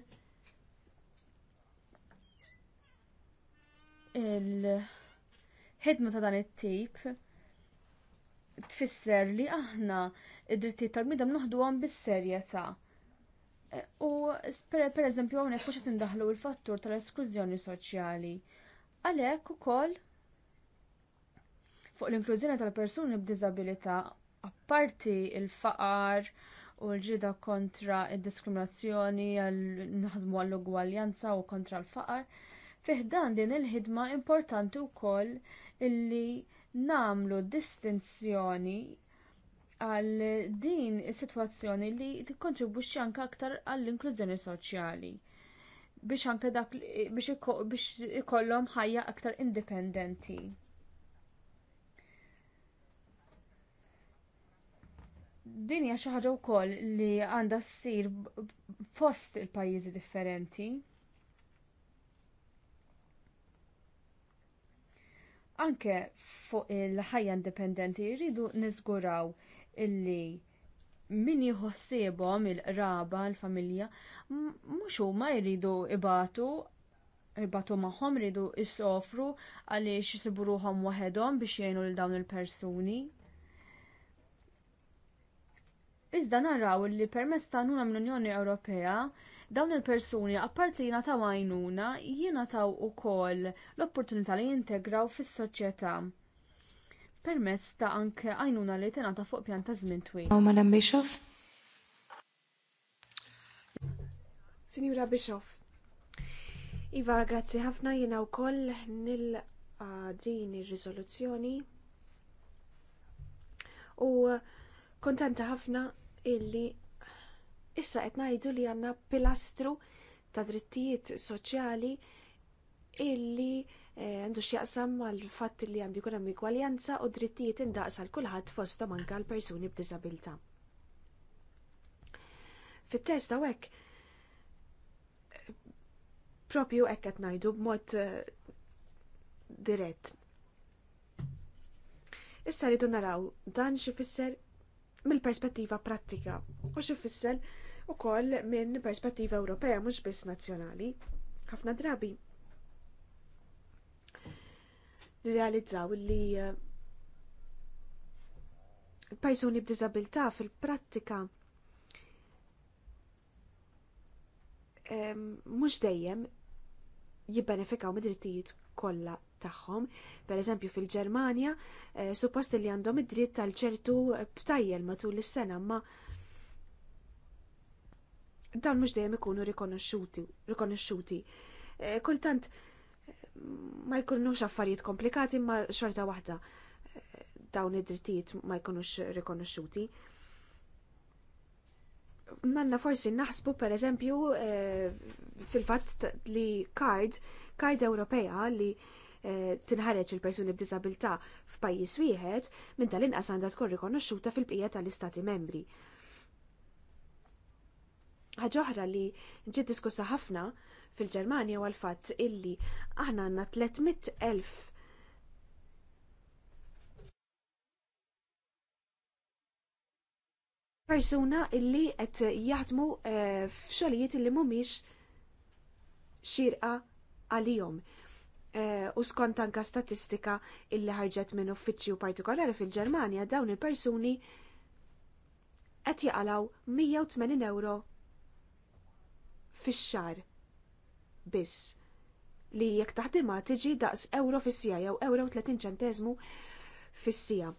il-ħidma ta' dan it-tip tfisser li aħna id-drittijiet tal-midam noħduhom bis-serjetà. U pereżempju, hawnhekk mhux qed indaħlu l-fattur tal-esklużjoni soċjali. Għalhekk ukoll fuq l-inklużjoni tal-persuni b'diżabilità apparti l faqar u l-ġida kontra d diskriminazzjoni naħdmu għall-ugwaljanza u kontra l-faqar. Fiħdan din il-ħidma importanti wkoll illi namlu distinzjoni għal din is-sitwazzjoni li tikkontribwixxi anke aktar għall-inklużjoni soċjali biex anke dak biex ikollhom ħajja aktar indipendenti. dinja xi ħaġa wkoll li għandha ssir fost il-pajjiżi differenti. Anke fuq il-ħajja indipendenti jridu niżguraw illi min jħossibhom il-qraba, l-familja, mhux huma jridu ibatu ibatu magħhom jridu jsofru għaliex isiburuhom waħedhom biex jgħinu lil dawn il-persuni. Iżda naraw li permezz ta' għajnuna mill-Unjoni Ewropea dawn il-persuni apparti li jingħataw għajnuna jingħataw ukoll l-opportunità li jintegraw fis-soċjetà permezz ta' anke għajnuna li tingħata fuq pjan ta' żmien twil. Madam Bischoff? Sinjura Bischoff. Iva, grazzi ħafna jiena wkoll nilqa din ir-riżoluzzjoni u kontenta ħafna illi issa qed ngħidu li għandna pilastru ta' drittijiet soċjali illi eh, għandu eh, x'jaqsam mal-fatt li għandu jkun hemm igwaljanza u drittijiet indaqsa l kulħadd fosthom anke għal persuni b'diżabilità. Fit-test hawnhekk propju hekk qed ngħidu b'mod eh, dirett. Issa rridu naraw dan xi fisser mill-perspettiva prattika u xifissel u koll minn perspettiva Ewropea mhux biss nazzjonali. Ħafna drabi realizzaw li eh, persuni b'diżabilità fil-prattika eh, mhux dejjem jibbenefikaw mid-drittijiet kollha tagħhom. Pereżempju fil-Ġermanja, eh, suppost li għandhom id-dritt tal ċertu btajjel matul is-sena, ma dawn mhux dejjem ikunu rikonoxxuti. Eh, kultant eh, ma jkunux affarijiet komplikati ma xorta waħda dawn id-drittijiet ma jkunux rikonoxxuti manna forsi naħsbu per eżempju fil-fatt li kard, kard Ewropea li Eh, tinħareġ il-persuni b'disabilità f'pajjiż wieħed minn tal-inqas għandha tkun rikonoxxuta fil-bqija tal-istati membri. Ħaġa oħra li ġiet diskussa ħafna fil-Ġermanja huwa l-fatt illi aħna għandna 300 elf persuna illi qed jaħdmu eh, f'xogħlijiet illi mhumiex xirqa għalihom. Eh, u skont anka statistika illi ħarġet minn uffiċċju partikolari fil-Ġermanja dawn il-persuni qed jaqalaw 180 euro fix-xar biss li jekk taħdimha tiġi daqs euro fis-sija jew euro 30 ċentesmu fis-sija.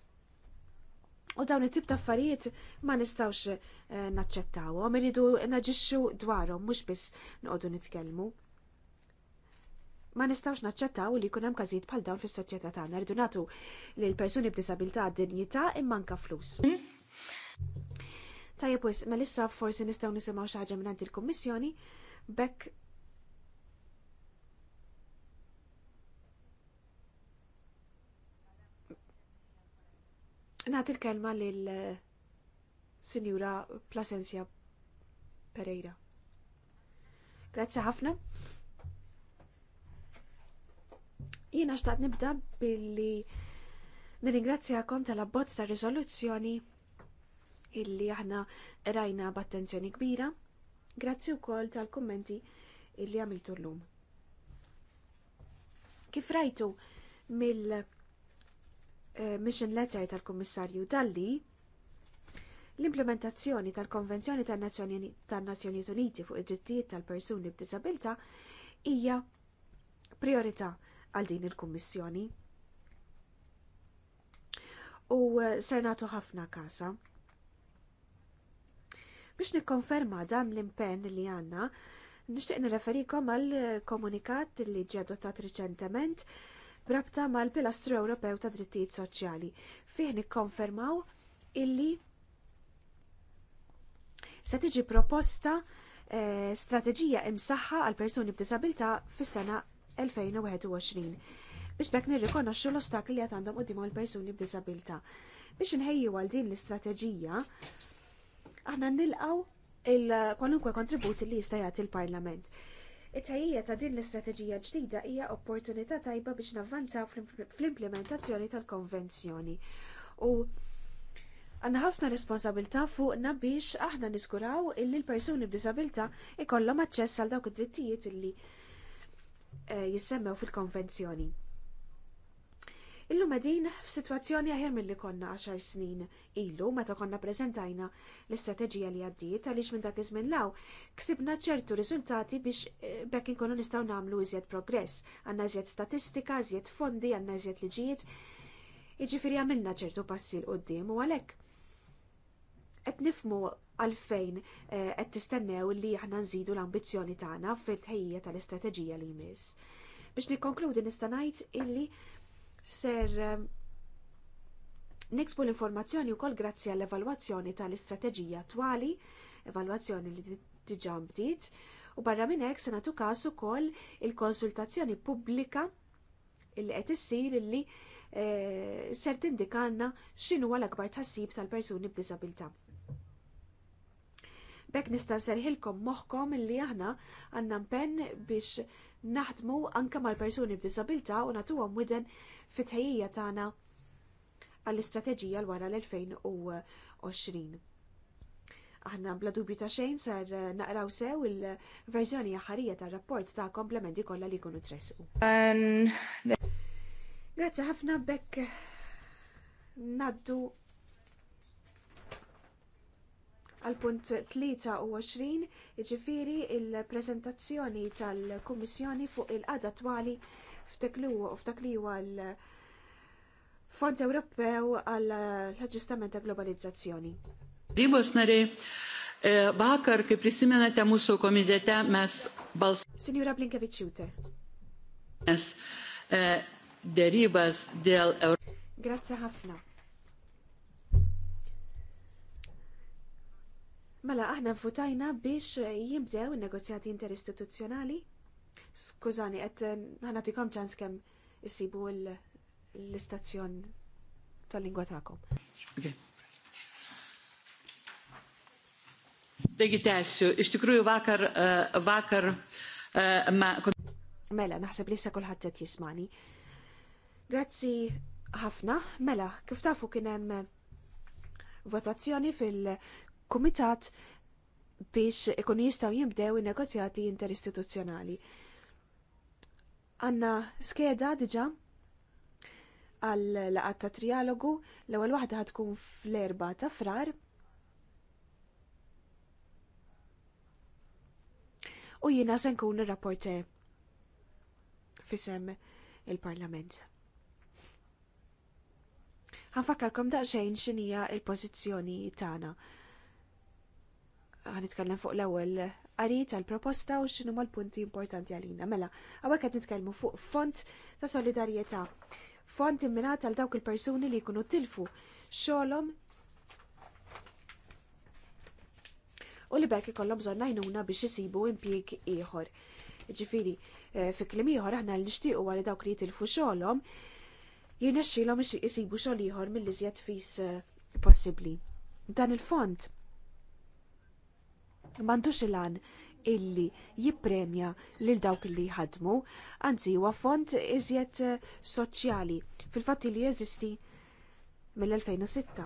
U dawn it-tip ta' affarijiet ma nistgħux eh, naċċettawhom, iridu naġixxu dwarhom mhux biss noqogħdu nitkellmu. Ma nistawx naċċettaw li jkun hemm pal bħal dawn fis-soċjetà tagħna rridu nagħtu lil persuni b'disabilità dinjità immanka flus. Tajjeb wis, melissa forsi nistgħu nisimgħu xi ħaġa mingħand il-Kummissjoni bekk Nagħti l-kelma lil eh, Sinjura Plasencia Pereira. Grazzi ħafna. Jiena xtaqt nibda billi nirringrazzjakom tal-abbozz ta' riżoluzzjoni illi aħna rajna b'attenzjoni kbira. Grazzi wkoll tal-kummenti illi għamiltu llum. Kif rajtu mill-mission eh, letter tal-Kummissarju Dalli, l-implementazzjoni tal-Konvenzjoni tan-Nazzjonijiet Uniti fuq id-drittijiet tal-persuni b'diżabilità hija priorità għal din il-Kummissjoni. U eh, ser nagħtu ħafna kasa. Biex nikkonferma dan l-impenn li għandna, nixtieq nirreferikom għal komunikat li ġie adottat riċentement brabta mal-Pilastru Ewropew ta' Drittijiet Soċjali. Fih nikkonfermaw illi se tiġi proposta eh, strateġija imsaħħa għal persuni b'disabilità fis-sena 2021 biex bekk nirrikonoxxu l-ostakli li għandhom qudiemhom il-persuni b'diżabilità. Biex inħejju għal din l-istrateġija, aħna nilqaw il-kwalunkwe kontributi li jista' jagħti l-Parlament. It-tajjija ta' din l-istrateġija ġdida hija opportunità tajba biex navvanzaw fl-implementazzjoni tal-konvenzjoni. U għanna ħafna responsabilità fuqna biex aħna niskuraw illi l-persuni b'disabilità ikollhom aċċess għal dawk id-drittijiet illi Eh, jissemmew fil-konvenzjoni. Illum din f'sitwazzjoni aħjar mill-li konna 10 snin ilu meta konna preżentajna l-istrateġija li għaddiet għaliex minn dak iż-żmien law ksibna ċertu riżultati biex eh, bekk inkunu nistgħu nagħmlu iżjed progress, għandna iżjed statistika, iżjed fondi, għandna iżjed liġijiet. Iġifieri għamilna ċertu passi l qoddim u għalhekk qed nifmu għalfejn eh, qed tistennew li aħna nżidu l-ambizzjoni tagħna fil-tħejjija tal-istrateġija li jmiss. Biex nikkonkludi nista' ngħid illi ser eh, niksbu l-informazzjoni wkoll grazzi għall-evalwazzjoni tal-istrateġija twali, evalwazzjoni li diġà bdiet, u barra minn hekk se nagħtu każ ukoll il-konsultazzjoni pubblika illi qed issir illi eh, ser tindikanna x'inhuwa l-akbar tħassib tal-persuni b'diżabilità. Bek nista' nserħilkom moħħkom li aħna għandna mpenn biex naħdmu anke mal-persuni b'disabilità u nagħtuhom widen fit-tħejjija tagħna għall-istrateġija l wara l-2020. Aħna bla dubju ta' xejn sar naqraw sew il-verżjoni aħħarija tar-rapport ta' komplementi kollha li jkunu tresqu. Grazzi ħafna bekk naddu għal punt 23 jiġifieri il-prezentazzjoni tal-Kummissjoni fuq il-qada twali f'dak li huwa l-Fond Ewropew għall aġġustament tal globalizzazzjoni. Ribos e, bakar prisimenate musu mes bals. Signora Blinkevičiute. Mes e, deribas del Grazie ħafna. Mela, aħna votajna biex jibdew il-negozjati interistituzzjonali. Skużani, għet eh, tikom ċans kem issibu l-istazzjon tal-lingwa ta'kom. Degi tessu, ixtikruju vakar, eh, vakar, eh, ma... Mela, naħseb li sa tet jismani. Grazzi ħafna. Mela, kif tafu kienem votazzjoni fil- kumitat biex ikun jistaw jibdew il-negozjati interistituzzjonali. Għanna skeda diġa għal laqat ta' trialogu, l-ewwel waħda ħatkun fl-erba ta' frar. U jiena se nkun il-rapporte fisem il-Parlament. Ħanfakkarkom daqsxejn x'inhija l-pożizzjoni tagħna ħanitkellem fuq l-ewwel għari tal-proposta u x'inhuma l-punti importanti għalina. Mela, hawnhekk qed nitkellmu fuq font ta' solidarjetà. Font imminat għal dawk il-persuni li jkunu tilfu xogħolhom u li bekk ikollhom bżonn għajnuna biex isibu impjieg ieħor. Ġifieri, eh, fi kliem ieħor aħna li nixtiequ għal dawk li jitilfu xogħolhom jirnexxilhom isibu xogħol ieħor mill-iżjed fis eh, possibbli. Dan il-font M'għandux il-għan illi jippremja lil dawk li jħadmu, anzi huwa fond iżjed eh, soċjali fil-fatt li jeżisti mill-2006.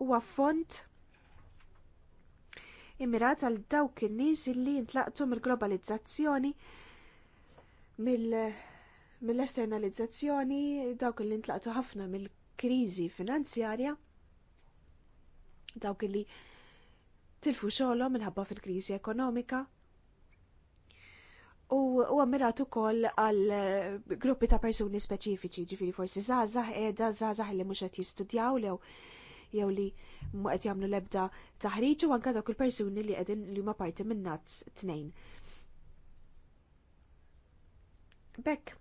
Huwa fond immirat għal dawk in-nies illi ntlaqtu mill-globalizzazzjoni mill-esternalizzazzjoni, dawk li ntlaqtu ħafna mill kriżi finanzjarja dawk li tilfu xogħolhom minħabba fil-kriżi ekonomika. U għammirat ukoll għal gruppi ta' persuni speċifiċi, ġifiri forsi zazah, edha, zazah li mhux qed jistudjaw lew jew li qed jagħmlu l-ebda taħriġ u anke dawk il-persuni li qegħdin li huma parti minn nazz tnejn. Bekk,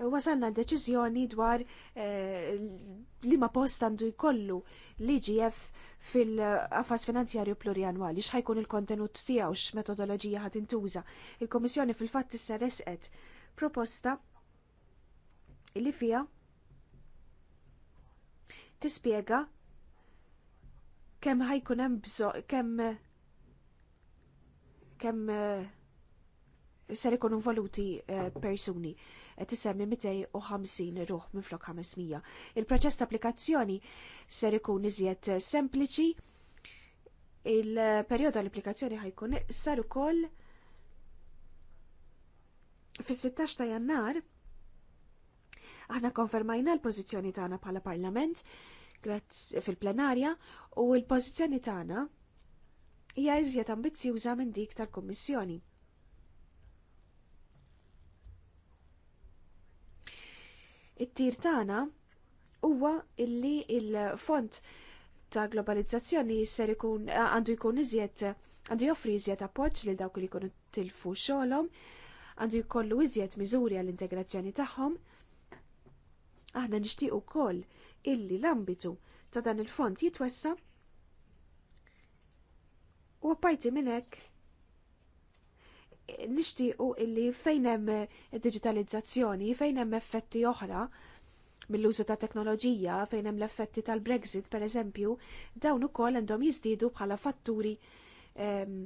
wasalna deċiżjoni dwar eh, li ma post għandu jkollu l-IGF fil affas finanzjarju plurianwali, xħajkun il-kontenut tiegħu x'metodoloġija ħad intuża. Il-Komissjoni fil-fatt issa resqet proposta li fija tispjega kemm ħajkun hemm kemm kemm eh, ser ikun involuti eh, persuni qed isemmi 250 ruħ minn flok 500. Il-proċess ta' applikazzjoni ser ikun iżjed sempliċi. Il-perjodu l-applikazzjoni ħajkun sar ukoll fis-16 ta' Jannar aħna konfermajna l-pożizzjoni tagħna bħala Parlament fil-plenarja u l-pożizzjoni tagħna hija iżjed ambizzjuża minn dik tal-Kummissjoni it-tir tagħna huwa illi il-font ta' globalizzazzjoni jisser ikun għandu jkun iżjed għandu joffri iżjed appoġġ li dawk li jkunu tilfu xogħolhom, għandu jkollu iżjed miżuri għall-integrazzjoni tagħhom. Aħna nixtieq ukoll illi l-ambitu ta' dan il-fond jitwessa u apparti minn hekk nixtiequ illi fejn hemm digitalizzazzjoni, fejn hemm effetti oħra mill-użu ta' teknoloġija, fejn hemm l-effetti tal-Brexit pereżempju, dawn ukoll għandhom jiżdiedu bħala fatturi ehm,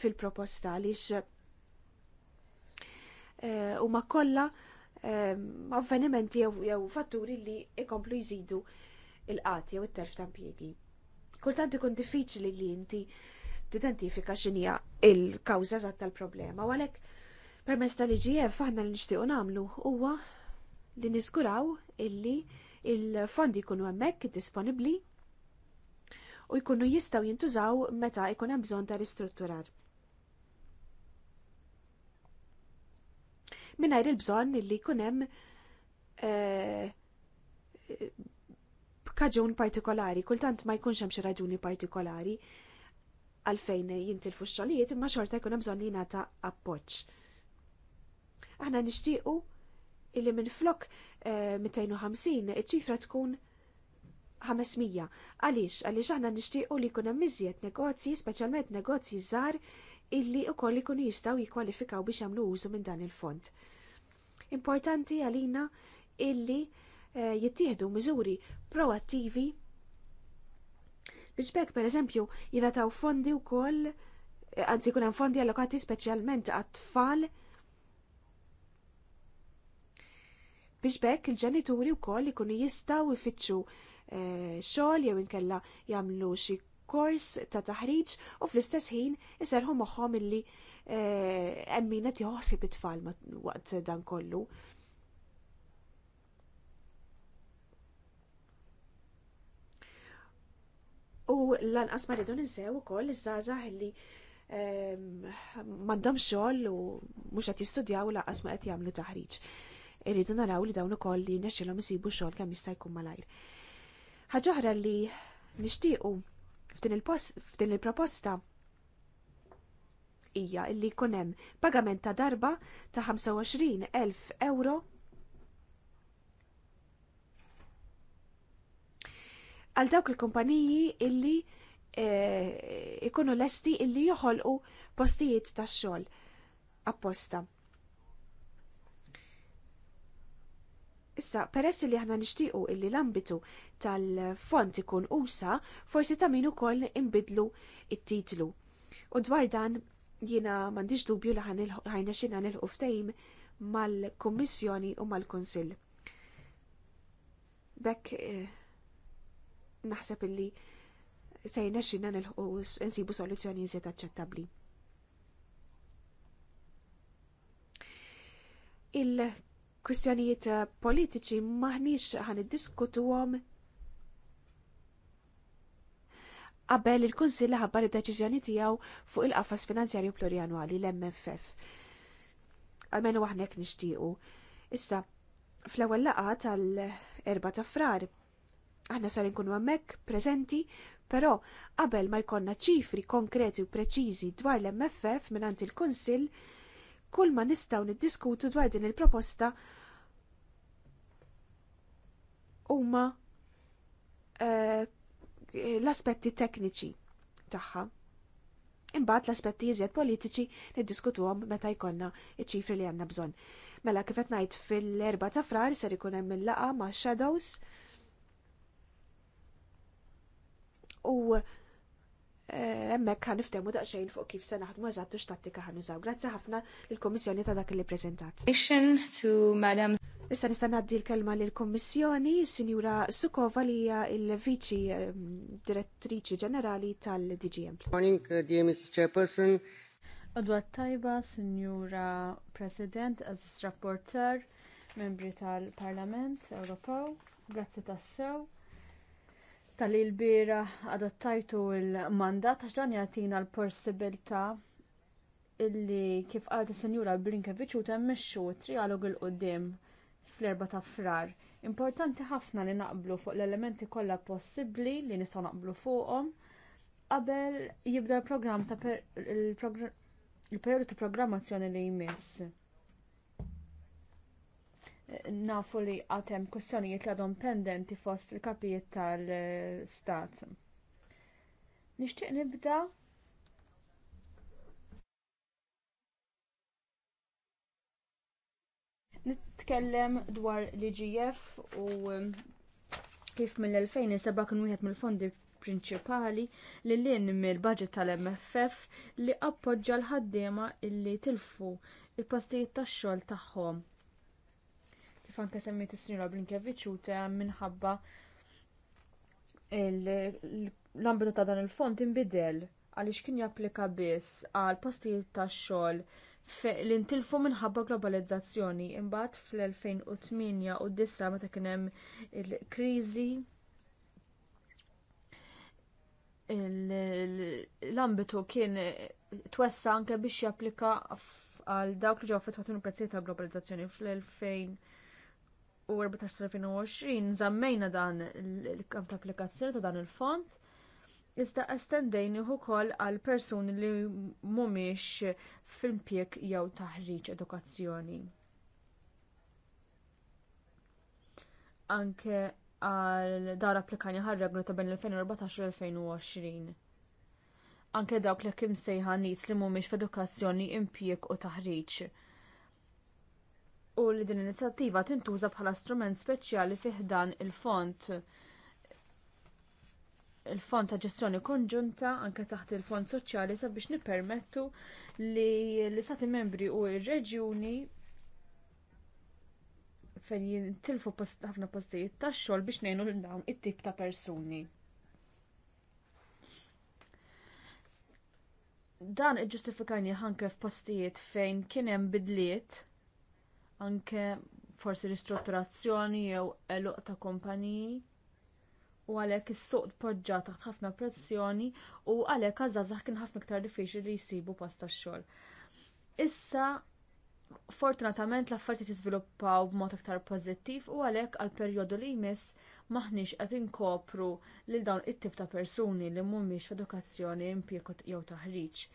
fil-proposta għaliex eh, huma kollha ehm, avvenimenti jew fatturi li ikomplu jżidu il-qati jew it-terf ta' impjiegi. Kultant ikun diffiċli li inti tidentifika xinija il-kawża zat tal-problema. U għalhekk permezz tal-IGF aħna li nixtiequ nagħmlu huwa li niskuraw illi il-fondi jkunu hemmhekk disponibli u jkunu jistgħu jintużaw meta jkun hemm bżonn ta' ristrutturar. Mingħajr il-bżonn li jkun hemm eh, kaġun partikolari, kultant ma jkunx hemm xi raġuni partikolari, għalfejn jinti x-xogħlijiet imma xorta jkun hemm bżonn li jingħata appoġġ. Aħna nixtiequ illi minn flok 250 eh, iċ-ċifra tkun 500. Għaliex, għaliex aħna nixtiequ li jkun hemm iżjed negozji, speċjalment negozji żgħar illi wkoll ikunu jistgħu jikkwalifikaw biex jagħmlu użu minn dan il-fond. Importanti għalina illi eh, jittieħdu miżuri proattivi biex bekk pereżempju jingħataw fondi wkoll eh, anzi għanzi hemm fondi allokati speċjalment għat-tfal biex bekk il-ġenituri wkoll ikunu jistgħu jfittxu eh, xogħol jew inkella jagħmlu xi kors ta' taħriġ u fl-istess ħin iserħu moħħhom illi eh, hemm min qed joħsib it-tfal waqt dan kollu. U lanqas ma rridu ninsew ukoll iż-żgħażagħ li ehm, m'għandhom xogħol u mhux qed jistudjaw lanqas ma qed jagħmlu taħriġ. Irridu naraw li dawn ukoll li nexxilhom isibu xogħol kemm jista' jkun malajr. Ħaġa oħra li nixtiequ f'din il-proposta hija li jkun hemm pagament ta' darba ta' 25,000 euro għal dawk il-kumpaniji illi eh, ikunu lesti illi joħolqu postijiet ta' xogħol apposta. Issa, peress li aħna nixtiequ illi l-ambitu tal-font ikun usa, forsi ta' min ukoll imbidlu it-titlu. U dwar dan jiena m'għandix dubju li ħajna xina nil mal-Kummissjoni u mal-Kunsill. Bekk eh, naħseb illi sejna xinna nilħu nsibu soluzzjoni jizjet aċċettabli. Il-kwistjonijiet eh, politiċi maħniex ħan id għom qabel il-Kunsill ħabbar id-deċiżjoni tiegħu fuq il-qafas finanzjarju plurianwali l-MFF. Għalmenu aħna jekk nixtiequ. Issa, fl-ewwel laqgħa tal erba ta' frar Aħna sar nkunu hemmhekk preżenti, però qabel ma jkollna ċifri konkreti u preċiżi dwar l-MFF mingħand il-Kunsill, kull ma nistgħu niddiskutu dwar din il-proposta huma uh, l-aspetti tekniċi tagħha. Imbagħad l-aspetti iżjed politiċi niddiskutuhom meta jkollna ċ ċifri li għandna bżonn. Mela kif qed ngħid fil-erba ta' frar ser ikun hemm il-laqa ma' shadows u eh, hemmhekk għan iftemu daqsxejn fuq kif se naħdmu eżatt x x'tattika għan użaw. Grazzi ħafna il-Kommissjoni ta' dak li preżentat. Issa nista' ngħaddi l-kelma lill-Kummissjoni, Sinjura Sukova li hija l-Viċi ehm, Direttriċi Ġenerali tal-DGM. Morning, uh, dear Mrs. Chairperson. Odwa tajba, Sinjura President, Aziz Rapporteur, membri tal-Parlament Ewropew, grazzi tassew tal-li l adottajtu il-mandat għax dan jagħtina l-possibilità illi kif qalet is-Senjura Brinkevic u temmexxu trialog il qudiem fl-erba ta' frar. Importanti ħafna li naqblu fuq l-elementi kollha possibbli li nistgħu naqblu fuqhom qabel jibda l-programm ta' il-perjodu ta' programmazzjoni li jmiss nafu li għatem kwestjonijiet li għadhom pendenti fost il-kapijiet tal-stat. Nixtieq nibda nitkellem dwar l-IGF u kif mill-2007 kien wieħed mill-fondi prinċipali li l-in mill-budget tal-MFF li appoġġa l-ħaddiema illi tilfu il-postijiet tax-xogħol tagħhom anke semmejt is-Sinjura Blinkeviċute minħabba l-ambitu ta' dan il-fond inbidel għaliex kien japplika biss għal postijiet tax-xogħol li intilfu minħabba globalizzazzjoni imbagħad fl-2008 u 9 meta kien hemm il-kriżi l-ambitu kien twessa anke biex japplika għal dawk li ġew affettwati prezzijiet ta' globalizzazzjoni fl-2000 u 14-2020 zammejna dan il ta' applikazzjoni ta' dan il-font. Iżda estendejni ukoll għal persuni li mhumiex fil-impjek jew taħriġ edukazzjoni. Anke għal dar applikani ħarreglu ta' bejn l-2014-2020. Anke dawk li kim sejħan li mhumiex f'edukazzjoni impjek u taħriġ u li din l-inizjattiva tintuża bħala strument speċjali fiħdan il-font il-fond ta' ġestjoni konġunta anke taħt il-fond soċjali sabiex nippermettu li l-istati membri u r-reġjuni fejn jintilfu ħafna postijiet tax xogħol biex ngħinu lil dawn it-tip ta' persuni. Dan iġġustifikani ħanke f'postijiet fejn kien hemm bidliet anke forsi ristrutturazzjoni jew eluq ta' kumpaniji u għalhekk is-suq poġġat taħt ħafna pressjoni u għalhekk għażażaħ kien ħafna iktar diffiċli li jsibu post tax-xogħol. Issa fortunatament l-affarijiet jiżviluppaw b'mod iktar pożittiv u għalhekk għal perjodu li jmiss maħniex qed inkopru lil dawn it-tip ta' persuni li mhumiex f'edukazzjoni impjeku jew taħriġ.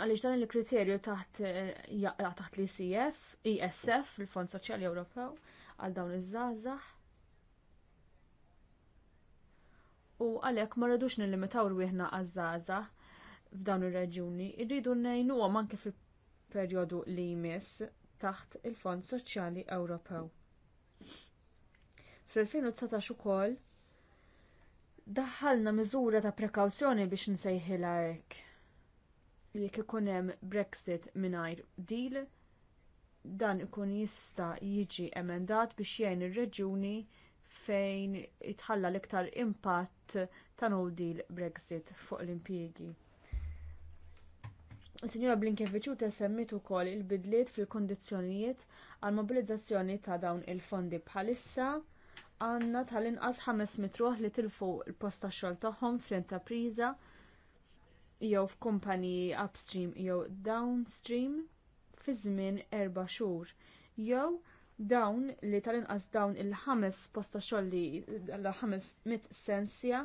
Għaliex dan il-kriterju taħt eh, taħt l-ICF, ISF, e il-Fond Soċjali Ewropew, għal dawn iż-żgħażagħ. U għalhekk ma rridux nilimitaw rwieħna għaż-żgħażagħ f'dawn ir-reġjuni, irridu ngħinuhom anke fil-perjodu li jmiss taħt il-Fond Soċjali Ewropew. Fl-2019 ukoll daħħalna miżura ta' prekawzjoni biex nsejħilha hekk li kikun hemm Brexit mingħajr deal dan ikun jista' jiġi emendat biex jgħin ir-reġuni fejn itħalla l-iktar impatt ta' no deal Brexit fuq l-impjiegi. Signora Blinkevich u semmit ukoll il-bidliet fil-kondizzjonijiet għal mobilizzazzjoni ta' dawn il-fondi bħalissa għandna tal-inqas 500 ruħ li tilfu l-posta xogħol tagħhom fl-intrapriża jew f'kumpaniji upstream jew downstream fi żmien erba' xhur jew dawn li tal-inqas dawn il-ħames posta xolli l-ħames mit sensja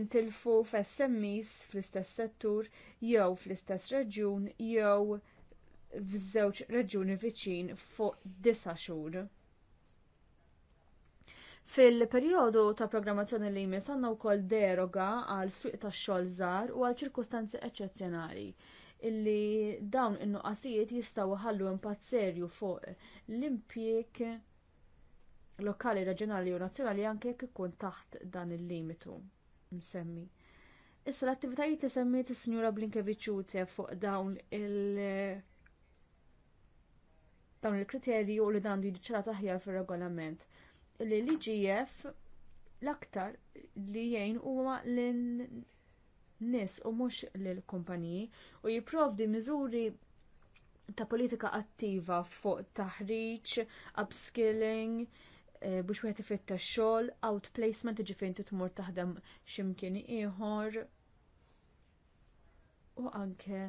intilfu f'SMEs fl-istess settur jew fl-istess reġjun jew f'żewġ reġjuni viċin fuq disa' xhur. Fil-perjodu ta' programmazzjoni li jmiss għandna wkoll deroga għal swieq tax-xogħol żgħar u għal ċirkustanzi eċċezzjonali illi dawn in-nuqqasijiet jistgħu ħallu impatt serju fuq l-impjieg lokali, reġjonali u nazzjonali anke jekk ikun taħt dan il-limitu msemmi. Issa l-attivitajiet li semmiet is-Sinjura Blinkeviċute fuq dawn il- dawn il-kriterji u li dan li ċara taħjar fir regolament li l-IGF l-aktar li jgħin huwa lin-nies u mhux lill-kumpaniji u jipprovdi miżuri ta' politika attiva fuq taħriġ, upskilling, e, biex wieħed ifittex xogħol, outplacement iġifieri inti tmur taħdem x'imkien ieħor. U anke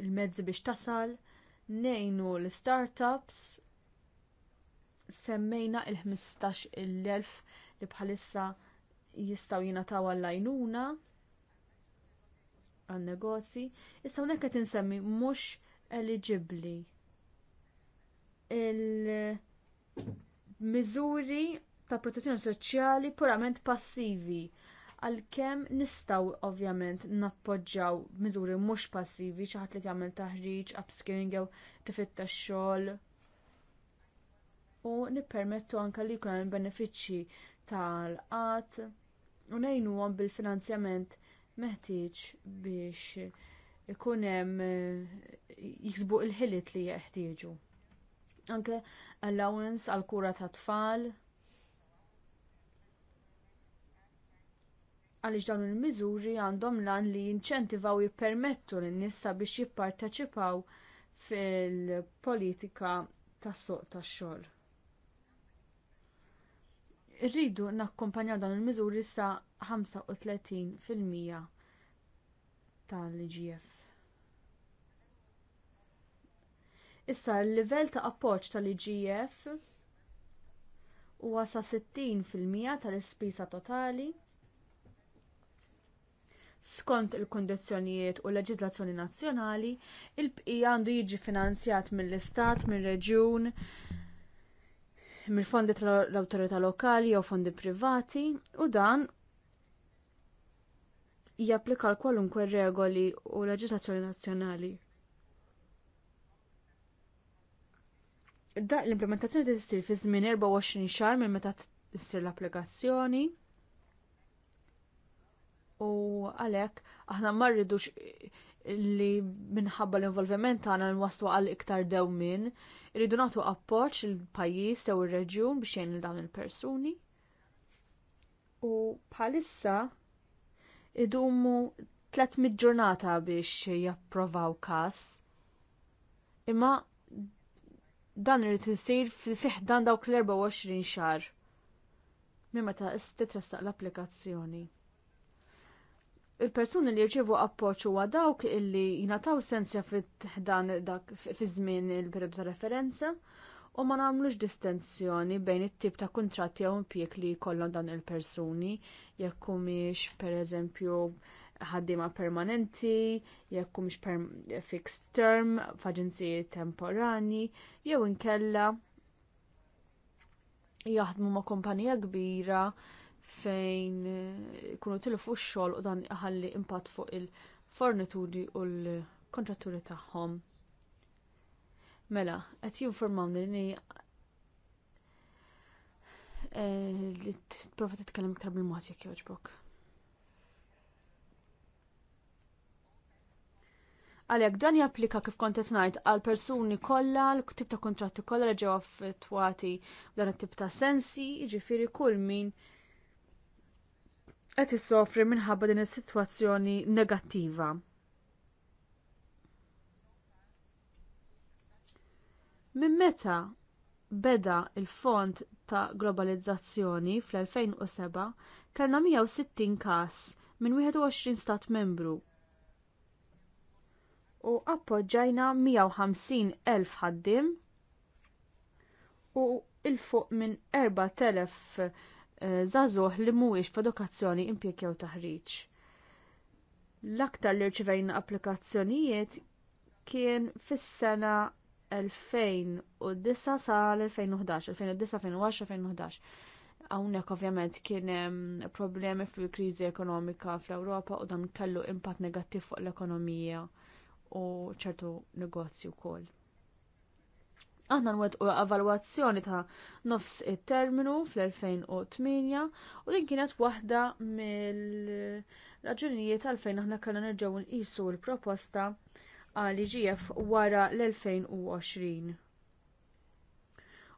il-mezzi biex tasal, nejnu l-startups semmejna il-15 il-elf li bħalissa jistaw jinataw għall-għajnuna għal-negozji, issa hawnhekk qed insemmi mhux eligibbli. il mizuri ta' protezzjoni soċjali purament passivi għalkemm nistgħu ovvjament nappoġġaw miżuri mhux passivi xi ħadd li jagħmel taħriġ, upskilling jew tifittex xogħol, u nippermettu anke li jkun hemm benefiċċji tal-qatt u għom bil-finanzjament meħtieġ biex ikun hemm eh, jiksbu il-ħiliet li jeħtieġu. Anke allowance għal kura ta' tfal. Għaliex dawn il-miżuri għandhom lan li jinċentivaw jippermettu lin-nisa biex jipparteċipaw fil-politika tas-suq tax-xogħol rridu nakkumpanja dan il-miżuri sa 35% tal-IGF. Issa l-livell ta' appoġġ tal-IGF huwa sa 60% tal ispiża totali skont il kundizzjonijiet u l leġiżlazzjoni nazzjonali, il-bqija għandu jiġi finanzjat mill-istat, mill-reġjun, mill-fondi tal-awtorità lokali jew fondi privati u dan japplika l kwalunkwe regoli u leġislazzjoni nazzjonali. L-implementazzjoni tissir fi żmien 24 xahar minn meta tissir l-applikazzjoni u għalhekk aħna ma rridux li minħabba l-involviment tagħna nwaslu għal iktar dewmien. Irridu nagħtu appoġġ il-pajjiż jew ir-reġjun biex jgħin dawn il-persuni. U bħalissa idumu 300 ġurnata biex japprovaw każ. Imma dan irid isir fiħdan dawk l-24 xahar. Mimma ta' istitressaq l-applikazzjoni il-persuni li jirċivu appoċ huwa dawk illi jingħataw sensja fit-ħdan dak fi żmien il-periodu ta' referenza u ma nagħmlux distenzjoni bejn it-tip ta' kuntratti jew impjieg li jkollhom dan il-persuni jekk humiex pereżempju ħaddiema permanenti, jekk humiex per fixed term, f'aġenziji temporani, jew inkella jaħdmu ma' kumpanija kbira fejn eh, kunu tilfu x-xogħol u dan ħalli impatt fuq il-fornituri u l-kontratturi tagħhom. Mela, qed jinformawni li eh, li t-prova titkellem ktar bil-mod jekk jogħġbok. Għalhekk dan japplika kif kontet najt għal persuni kollha, l-tip ta' kontratti kollha li ġew affettwati b'dan it-tip ta' sensi, jiġifieri kull min qed isofri minħabba din is-sitwazzjoni negattiva. Minn meta beda il-fond ta' globalizzazzjoni fl-2007 kellna 160 każ minn 21 stat membru u appoġġajna 150.000 elf ħaddiem u il-fuq minn 4,000 Eh, żagħżugħ li mhuwiex f'edukazzjoni impjeg jew taħriġ. L-aktar li rċivejna applikazzjonijiet kien fis-sena 2009 sa l 2011 2009-2010-2011. Hawnhekk ovvjament kien hemm problemi fil-kriżi ekonomika fl-Ewropa u dan kellu impatt negattiv fuq l-ekonomija u ċertu negozju wkoll. Aħna nwettqu evalwazzjoni ta' nofs it-terminu fl-2008 u din kienet waħda mill-raġunijiet għalfejn aħna kellna nerġgħu nqisu l-proposta għal IGF wara l-2020.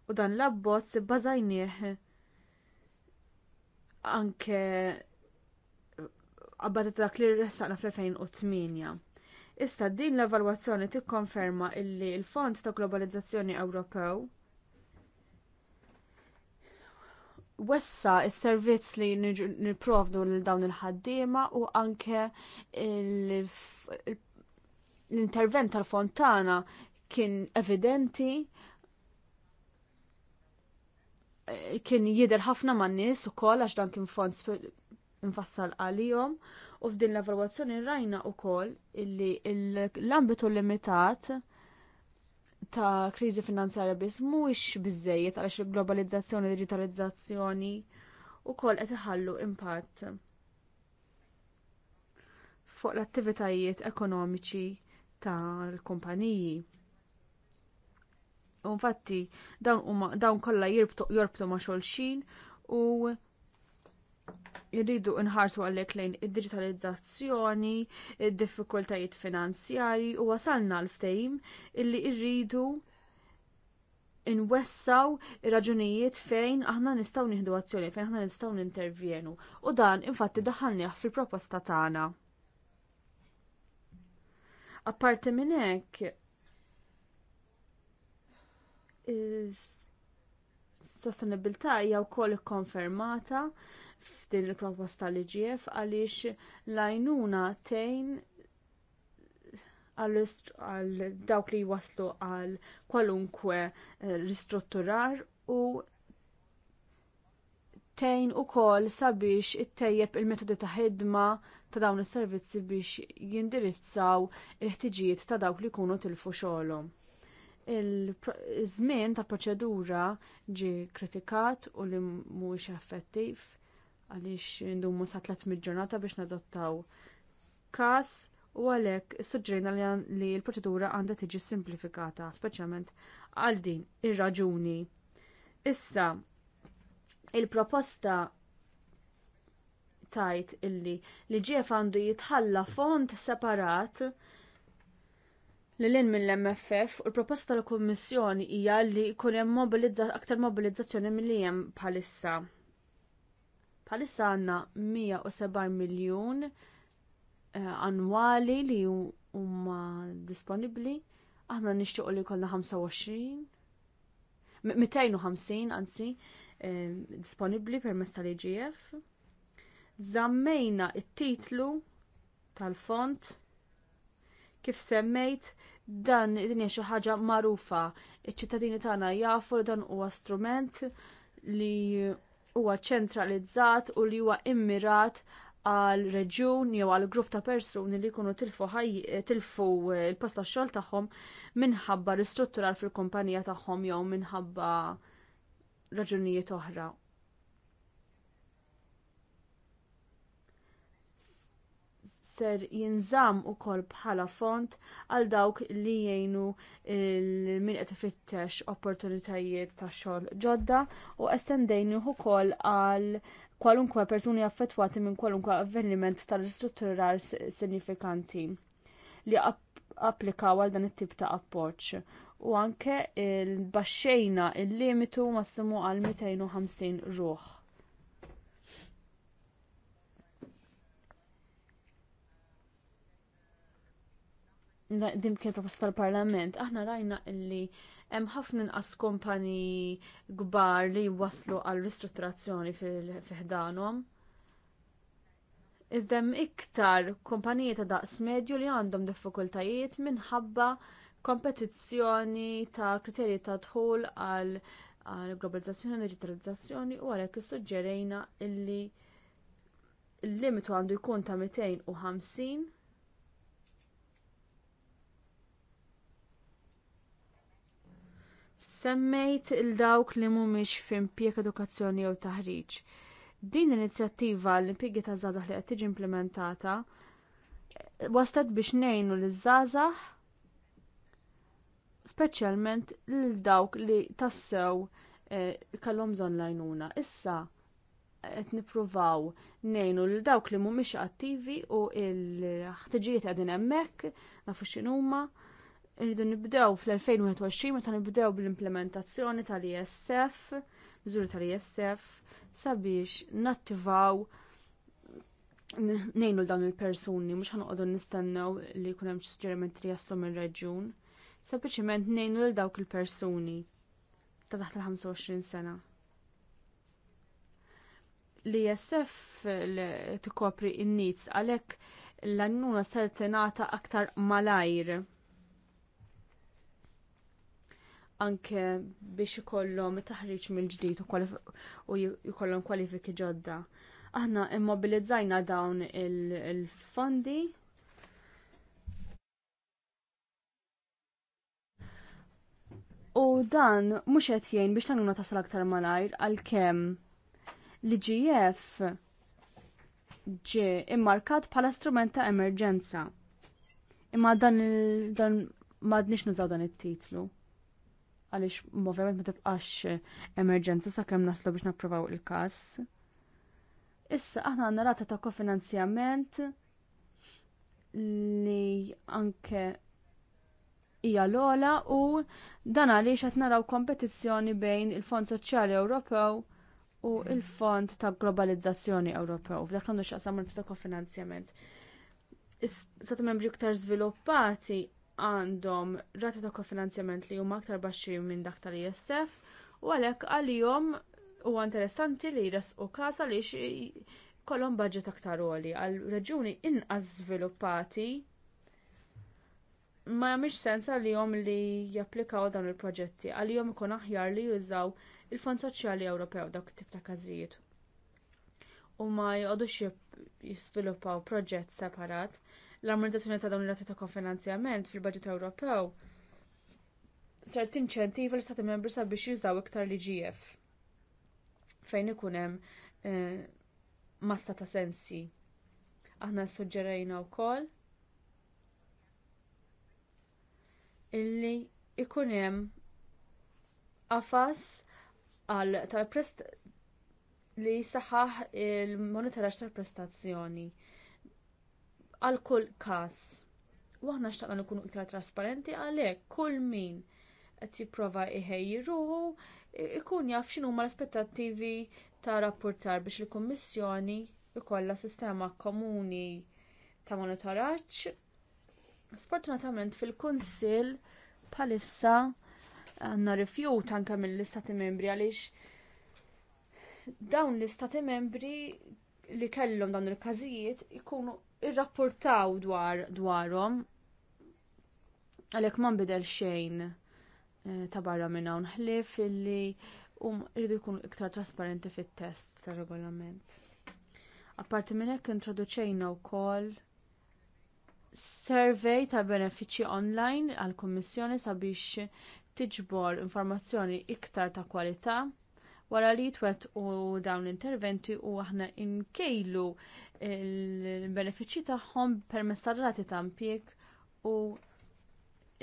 U dan l-abbozz bbażajnieh anke għabbazet dak li ressaqna fl-2008. Issa din l-evalwazzjoni tikkonferma illi l-Fond ta' Globalizzazzjoni Ewropew wessa s-servizz li nipprovdu lil dawn il-ħaddiema u anke l-intervent tal-fontana kien evidenti eh, kien jidher ħafna man nies ukoll għax dan kien fond infassal għalihom U f'din l-evalwazzjoni rajna wkoll illi l-ambitu limitat ta' kriżi finanzjarja biss mhuwiex biżejjed għaliex il-globalizzazzjoni, digitalizzazzjoni wkoll qed iħallu impatt fuq l-attivitajiet ekonomiċi tal-kumpaniji. U infatti dawn kollha jorbtu ma' xulxin u irridu nħarsu għalhekk lejn id-digitalizzazzjoni, id-diffikultajiet finanzjarji u wasalna l-ftehim illi rridu inwessaw raġunijiet fejn aħna nistgħu nieħdu azzjoni, fejn aħna nistgħu nintervjenu. U dan infatti daħalnieh fil-proposta tagħna. Apparti minn hekk sostenibilità hija wkoll ikkonfermata f'din il-proposta li ġief għaliex l-għajnuna tejn għal dawk li waslu għal kwalunkwe eh, ristrutturar u tejn ukoll sabiex ittejjeb il-metodi ta' ħidma ta' dawn is-servizzi biex jindirizzaw il-ħtiġijiet ta' dawk li jkunu tilfu xogħolhom. Iż-żmien ta' proċedura ġie kritikat u li mhuwiex effettiv għaliex ndumu sa' 300 ġurnata biex nadottaw każ u għalhekk suġġerina li l-proċedura għandha tiġi simplifikata, speċjalment għal din ir-raġuni. Issa, il-proposta tajt illi li ġief għandu jitħalla fond separat li l-in l mff u l-proposta tal-Kommissjoni hija li jkun hemm aktar mobilizzazzjoni mill-li hemm bħalissa. Palissa għanna 170 miljon eh, annwali li huma disponibli. Aħna nixtieq li kollna 25. 250 anzi eh, disponibli permezz tal-IGF. Zammejna it-titlu tal-font kif semmejt dan id-dinja xi ħaġa magħrufa. Iċ-ċittadini tagħna jafu li dan huwa strument li huwa ċentralizzat u li huwa immirat għal reġjun jew għal grupp ta' persuni li jkunu tilfu tilfu eh, l post tax xogħol tagħhom minħabba ristrutturar fil-kumpanija tagħhom jew minħabba raġunijiet oħra. ser jinżamm ukoll bħala font għal dawk li jgħinu min qed ifittex opportunitajiet ta' xogħol ġodda u estendejni kol għal kwalunkwe persuni affettwati minn kwalunkwe avveniment tal-istrutturar sinifikanti li applikaw għal dan it-tip ta' approach u anke il-baxxejna il-limitu massimu għal 250 ruħ. din kien proposta tal-Parlament, aħna rajna illi hemm ħafna inqas kompani kbar li waslu għal ristrutturazzjoni fil-ħdanhom. Iżda hemm iktar kumpaniji ta' daqs medju li għandhom diffikultajiet minħabba kompetizzjoni ta' kriterji ta' dħul għal globalizzazzjoni u digitalizzazzjoni u għalhekk issuġġerejna illi l-limitu għandu jkun ta' 250 Semmejt il-dawk li mhumiex f'impjeg edukazzjoni jew taħriġ. Din l-inizjattiva l-impjegi ta' żgħażagħ li qed tiġi implementata eh, waslet biex ngħinu l żgħażagħ speċjalment lil dawk li tassew eh, kellhom bżonn lajnuna. Issa qed nippruvaw ngħinu lil dawk li mhumiex attivi u l ħtiġijiet qegħdin hemmhekk nafu x'inhuma. Irridu nibdew fl-2021 meta nibdew bl-implementazzjoni tal-ISF, miżuri tal-ISF, sabiex nattivaw nejnu l-dawn il-persuni, mux ħanqodu nistennew li kunem hemm suġġerimenti jaslu minn reġjun. Sempliciment nejnu l-dawk il-persuni ta' taħt l-25 sena. Li jessef li t-kopri in-nits għalek l-annuna ser tenata aktar malajr anke biex ikollhom taħriġ mill-ġdid u jkollhom kwalifiki ġodda. Aħna immobilizzajna dawn il-fondi U dan mhux qed jgħin biex tagħmlu tasal aktar malajr għalkemm l-IGF ġie immarkat bħala strument ta' emerġenza. Imma dan, dan madniex nużaw dan it-titlu għaliex movement ma tibqax eh, emerġenza sakemm naslu biex napprovaw il-każ. Issa aħna għandna rata ta' kofinanzjament li anke hija l-ola u dan għaliex qed naraw kompetizzjoni bejn il-Fond Soċjali Ewropew u il-Fond ta' Globalizzazzjoni Ewropew. F'dak għandu x'aqsam ta' kofinanzjament. Sat membri iktar żviluppati għandhom rata ta' kofinanzjament li huma aktar baxxi minn dak tal-ISF u għalhekk għalihom huwa interessanti li jresqu każ għaliex jkollhom budget aktar għoli għal reġuni inqas żviluppati ma jagħmilx sens għalihom li japplikaw dawn il-proġetti għalihom ikun aħjar li jużaw il-Fond Soċjali Ewropew dawk it-tip ta' każijiet. U ma jgħodux jisviluppaw proġett separat l-armonizzazzjoni ta' dawn ir-rati ta' kofinanzjament fil-Baġit Ewropew ser tinċentiva l-Stati membri sabiex jużaw iktar l fejn ikun hemm eh, massa ta' sensi. Aħna suġġerejna wkoll illi ikun hemm afas għal tal-prest li saħaħ il-monitoraġġ tal-prestazzjoni għal kull każ. U aħna xtaqna nkunu iktar trasparenti għalhekk kull min qed jipprova iħejji ruħu ikun jaf x'inhu l-aspettattivi ta' rapportar biex il-Kummissjoni ikollha sistema komuni ta' monitoraġġ. Sfortunatament fil-Kunsill bħalissa għandna rifjut anke mill-Istati Membri għaliex dawn l-Istati Membri li kellhom dawn il-każijiet ikunu irrapportaw dwar dwarhom għalhekk ma nbidel xejn eh, ta' barra minn hawn ħlief illi hum irridu jkunu iktar trasparenti fit-test tar regolament. Apparti minn hekk introduċejna wkoll survey ta' benefiċċji online għall kummissjoni sabiex tiġbor informazzjoni iktar ta' kwalità wara li twet u dawn l-interventi u aħna inkejlu l-benefiċċji tagħhom permezz tar-rati ta' impjieg u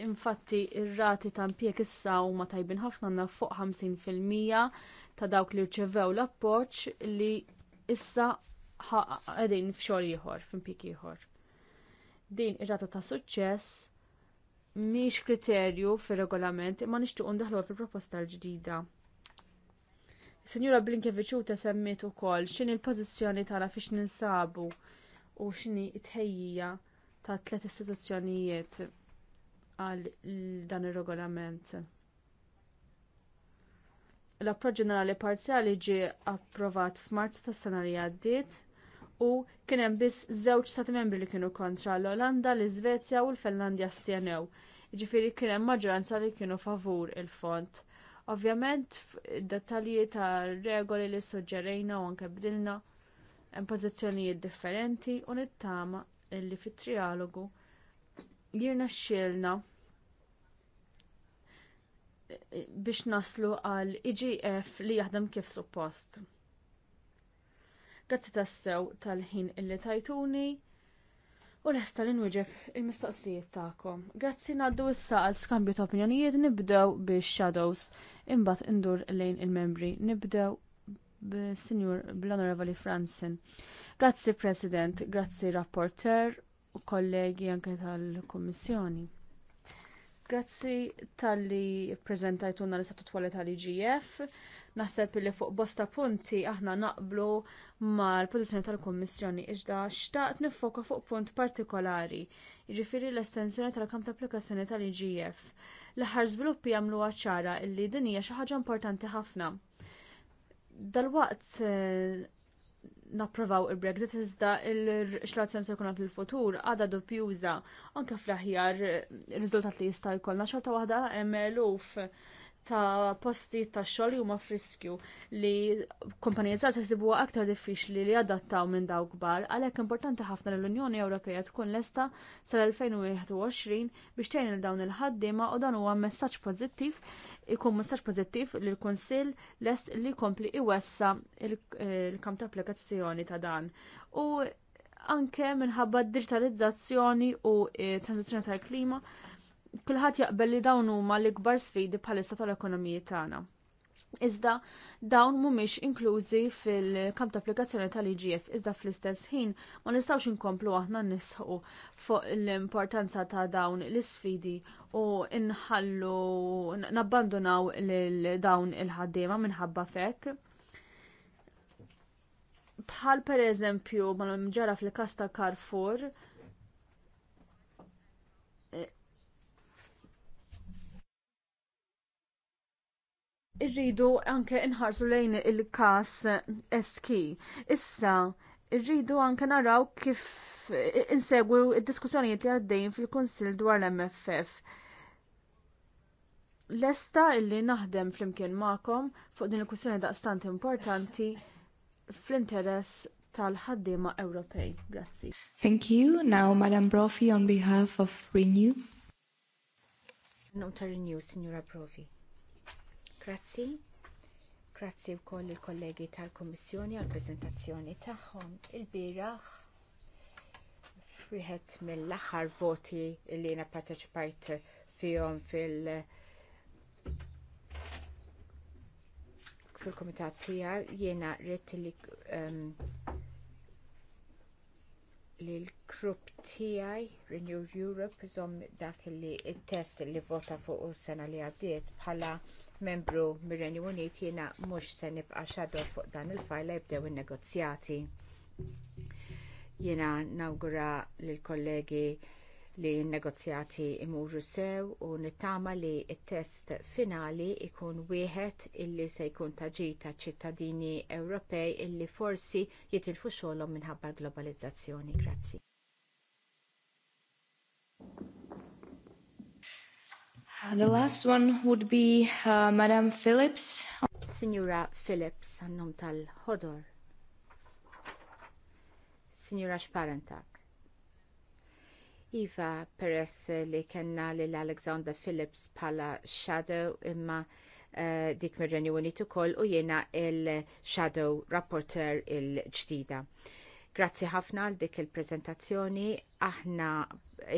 infatti ir-rati ta' impjieg issa huma tajbin ħafna għandna fuq 50% ta' dawk li rċevew l-appoġġ li issa qegħdin f'xogħol ieħor, f'impjieg ieħor. Din ir-rata ta' suċċess miex kriterju fir regolament imma nixtiequ ndaħlu fil-proposta l-ġdida. Senjura u semmiet ukoll x'in il-pożizzjoni tagħna fiex ninsabu u x'inhi t-tħejjija ta' tliet istituzzjonijiet għal dan ir-regolament. L-approċ ġenerali parzjali ġie approvat f'Marzu tas-sena li għaddiet u kien hemm biss żewġ stati membri li kienu kontra l-Olanda, l-Iżvezja u l-Finlandja stjenew. Ġifieri kien hemm maġġoranza li kienu favur il-font. Ovvjament, dettalji ta' regoli li suġġerejna u anke bdilna hemm pożizzjonijiet differenti u nittama illi fit-trialogu jirna xilna biex naslu għal IGF e li jaħdem kif suppost. Grazzi tassew tal-ħin illi tajtuni u lesta li nwieġeb il-mistoqsijiet tagħkom. Grazzi ngħaddu issa għal skambju ta' opinjonijiet nibdew biex shadows imbagħad indur lejn il-membri. Nibdew bis-Sinjur bl-Onorevoli Fransen. Grazzi President, grazzi Rapporter u kollegi anke tal-Kummissjoni. Grazzi tal-li prezentajtuna l-istatut tal-IGF. tal li prezentajtuna l istatut tal li prezentajtuna l istatut tal igf Naħseb li fuq bosta punti aħna naqblu mal-pożizzjoni tal-Kummissjoni iżda xtaqt nifoka fuq punt partikolari, jiġifieri l-estensjoni tal-kamp ta' applikazzjoni tal-IGF. L-aħħar żviluppi jagħmluha ċara illi din hija xi ħaġa importanti ħafna. Dalwaqt eh, napprovaw il-Brexit iżda il-xlazzjoni se jkun fil-futur għadha dubjuża anke fl-aħjar eh, riżultat li jista' jkollna xorta waħda hemm eh, eluf ta' posti ta' xogħol huma friskju li kompanija żgħar ħsibuha aktar diffiċli li adattaw minn daw kbar, għalhekk importanti ħafna li l-Unjoni Ewropea tkun lesta sal-2021 biex tgħin il dawn il-ħaddiema u dan huwa messaġġ pożittiv ikun messaġġ pożittiv li l-Kunsill lest li jkompli iwessa il-kamp ta' applikazzjoni ta' dan. U anke minħabba d digitalizzazzjoni u eh, transizzjoni tal-klima kullħat jaqbel li dawn huma l-ikbar sfidi bħalissa tal-ekonomiji tagħna. Iżda dawn mhumiex inklużi fil-kamp ta' applikazzjoni tal-IGF, iżda fl-istess ħin ma nistgħux inkomplu aħna nisħu fuq l-importanza ta' dawn l-isfidi u nħallu nabbandonaw lil dawn il-ħaddiema minħabba fek. Bħal pereżempju ma ġara fil kasta Carrefour, irridu anke inħarsu lejn il-kas eski. Issa, irridu anke naraw kif insegwu id-diskussjonijiet li għaddejn fil-Kunsil dwar l-MFF. Lesta illi naħdem flimkien ma'kom fuq din il-kwistjoni daqstant importanti fl-interess tal-ħaddiema Ewropej. Grazzi. Thank you. Now, Madam Brofi, on behalf of Renew. Nota Renew, Signora Brofi. Grazzi. Grazzi wkoll il-kollegi tal-Kummissjoni għall preżentazzjoni tagħhom il biraħ friħet mill-aħħar voti li jena parteċipajt fihom fil- fil-komitat tiegħi jiena rrid li um, li l-grupp tiegħi Renew Europe iżomm dak li il-test li vota fuq is sena li għaddiet bħala membru mir-Renju Unit jiena mhux se nibqa' xador fuq dan il-fajla jibdew in-negozjati. Jiena nawgura lill kollegi li n-negozjati imuru sew u nittama li t test finali ikun wieħed illi se jkun ta'ġita ċittadini Ewropej illi forsi jitilfu xogħolhom minħabba globalizzazzjoni. Grazzi. The last one would be uh, Madame Phillips. Signora Phillips, għannum tal-ħodor. Signora Sparentak. Iva, peress li kellna lil Alexander Phillips bħala shadow imma uh, dik mir-Renju Unitu ukoll u jiena il-shadow rapporteur il-ġdida. Grazzi ħafna għal dik il-prezentazzjoni, aħna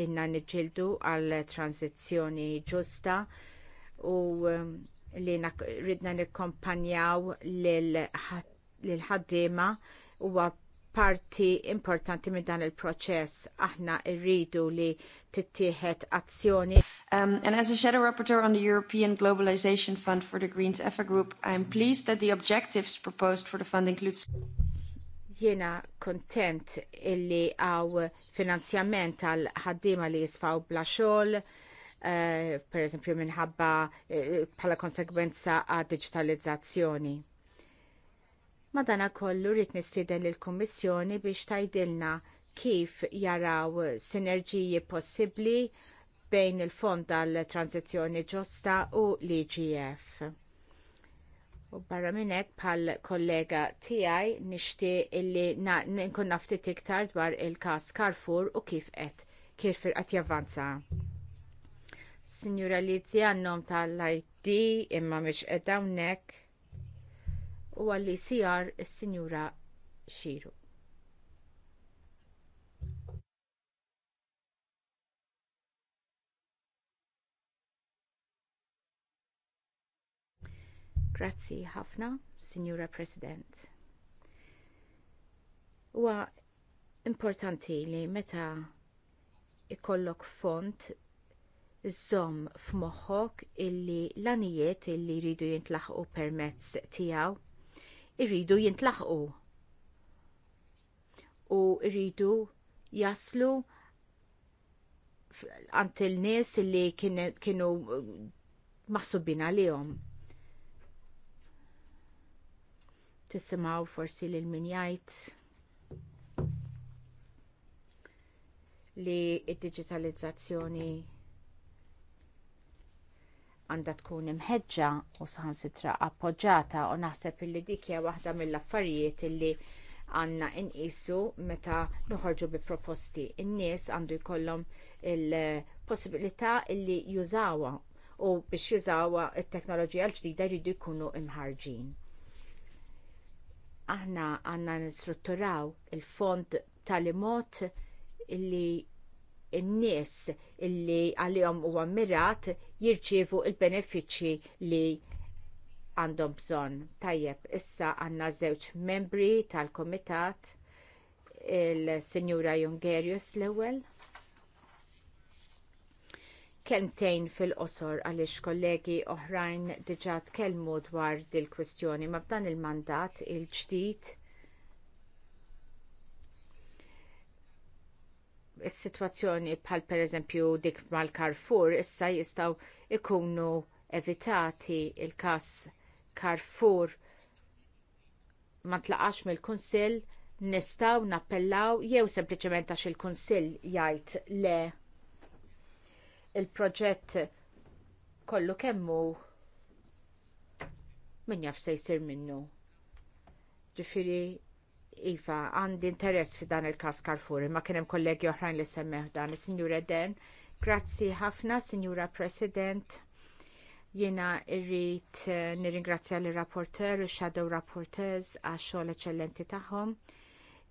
inna nġildu għal transizzjoni ġusta u eh, li ridna nikkompanjaw lil ħaddiema huwa parti importanti minn dan il-proċess. Aħna rridu li tittieħed azzjoni. Um, and as a shadow rapporteur on the European Globalization Fund for the Greens EFA Group, I am pleased that the objectives proposed for the fund includes Jiena kontent illi għaw finanzjament għal ħaddima li jisfaw bla xogħol, uh, per eżempju minħabba uh, bħala konsekwenza għad digitalizzazzjoni Madanakollu rrid rrit lill-Kummissjoni biex tgħidilna kif jaraw sinerġiji possibbli bejn il-Fond tal transizzjoni ġosta u l-IGF. U barra minn hekk bħal kollega tiegħi nixtieq illi nkun nafti naftit iktar dwar il każ Carrefour u kif qed kif qed javanza. Signora Lizzi għannom tal id imma mhix hawnhekk u għalli sijar is-Sinjura Xiru. Grazzi ħafna, Sinjura President. Huwa importanti li meta ikollok font żomm f'moħħok illi l-anijiet illi jridu jintlaħqu permezz tiegħu irridu jintlaħqu u rridu jaslu għant il-nies li kienu maħsubin għalihom. Tisimaw forsi lil l-minjajt li d-diġitalizzazzjoni għandha tkun imħeġġa u saħansitra appoġġjata u naħseb illi dik hija waħda mill-affarijiet illi għandna nqisu meta noħorġu bi proposti. In-nies għandu jkollhom il-possibilità illi jużawha u biex jużawha t teknoloġija l-ġdida jridu jkunu imħarġin. Aħna għandna nistrutturaw il-fond tal-imot illi in nies illi għalihom huwa mirat jirċievu l benefiċċji li għandhom bżonn. Tajjeb, issa għandna żewġ membri tal kumitat il-Sinjura Jungerius l-ewwel. Kelmtejn fil-qosor għaliex kollegi oħrajn diġà tkellmu dwar il kwistjoni ma dan il-mandat il-ġdid il-mandat il-ġdid is-sitwazzjoni bħal pereżempju dik mal-Carrefour issa jistgħu ikunu evitati il-każ Carrefour ma tlaqax mill-Kunsill nistgħu nappellaw jew sempliċement għax il-Kunsill jgħid le il-proġett kollu kemmu min jaf se jsir minnu. Ġifiri Iva, għandi interess fi dan il-kas Karfur, ma kienem kollegi oħrajn li semmeħ dan, il-Sinjura Den. Grazzi ħafna, Signora President. Jena irrit eh, nirringrazzja l rapporteur u shadow rapporteurs għax xogħol eċċellenti tagħhom.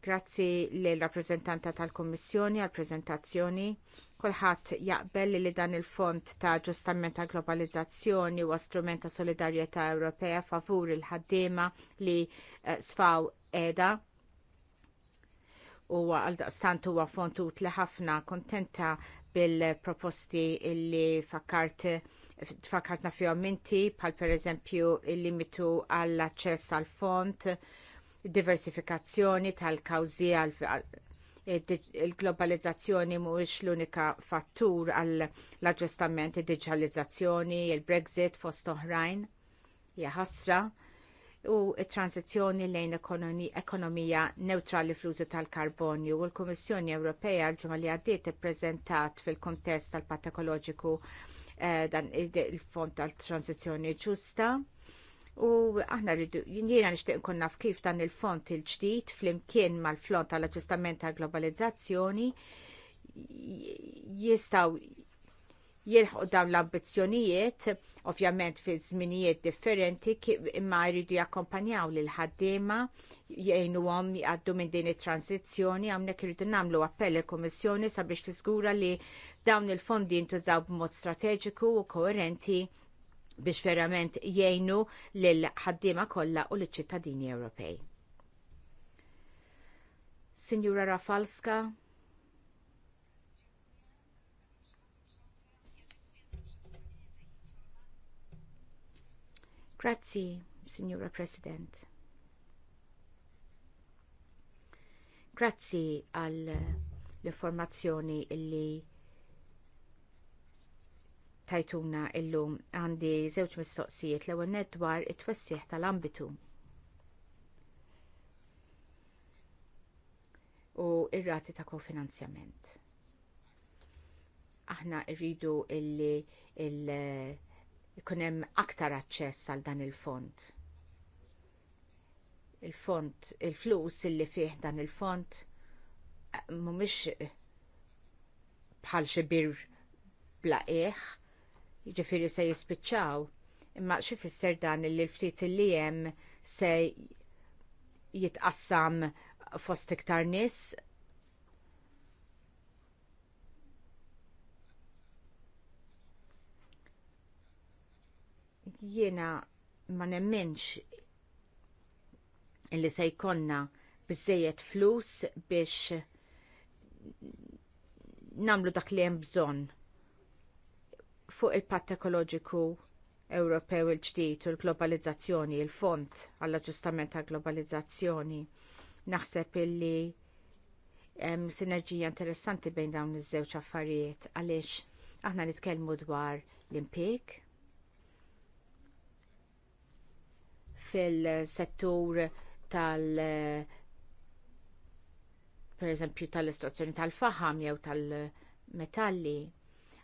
Grazzi l rappreżentanta tal-Kommissjoni għal prezentazzjoni Kulħadd jaqbel li dan il-Fond ta' ġustament ta' globalizzazzjoni huwa strument ta' solidarjetà Ewropea favur il-ħaddiema li eh, sfaw EDA u għaldaqstant huwa fontut li ħafna kontenta bil-proposti illi fakkart fakkartna fihom inti bħal pereżempju il-limitu għall-aċċess għall fond diversifikazzjoni tal-kawżi il-globalizzazzjoni mhuwiex l-unika fattur għall-aġġustament id-diġitalizzazzjoni, il-Brexit fost oħrajn. hija ħasra u t-transizzjoni lejn ekonomija neutrali fl-użu tal-karbonju u l-Kummissjoni Ewropea l-ġimgħa li għaddiet ippreżentat fil-kontest tal-Patt Ekoloġiku eh, dan il-Fond tal-Transizzjoni Ġusta. U aħna rridu, jiena nixtieq nkun naf kif dan il-fond il-ġdid flimkien mal-fond tal-aġġustament tal-globalizzazzjoni jistaw jilħu dawn l-ambizzjonijiet, ovvjament fi żminijiet differenti, imma jridu jakkompanjaw lil ħaddiema jgħinuhom jgħaddu minn din it-tranzizzjoni, hawnhekk irridu nagħmlu appell il-Kummissjoni sabiex tiżgura li dawn il-fondi jintużaw b'mod strateġiku u koerenti biex verament jgħinu lil ħaddiema kollha u l ċittadini Ewropej. Signora Rafalska, Grazzi, Signora President. Grazzi għal l-informazzjoni illi tajtuna illum għandi żewġ mistoqsijiet l ewwel dwar it-twessieħ tal-ambitu. U r rati ta' kofinanzjament. Aħna rridu illi il- ikun hemm aktar aċċess għal dan il-fond. Il-fond, il-flus illi fih dan il-fond eh, mhumiex eh, bħal xi bir bla eħ, jiġifieri se jispiċċaw, imma xi fisser dan illi l-ftit illi hemm se jitqassam fost iktar nies Jiena ma nemmenx illi se jkollna bizzejiet flus biex namlu dak li hemm bżonn fuq il-patt ekoloġiku Ewropew il-ġdid u l-globalizzazzjoni, il-fond għall-aġġustament ta' globalizzazzjoni. Naħseb illi hemm sinerġija interessanti bejn dawn iż-żewġ affarijiet għaliex aħna nitkellmu dwar l impik fil-settur tal- per eżempju tal-istruzzjoni tal faħam jew tal-metalli.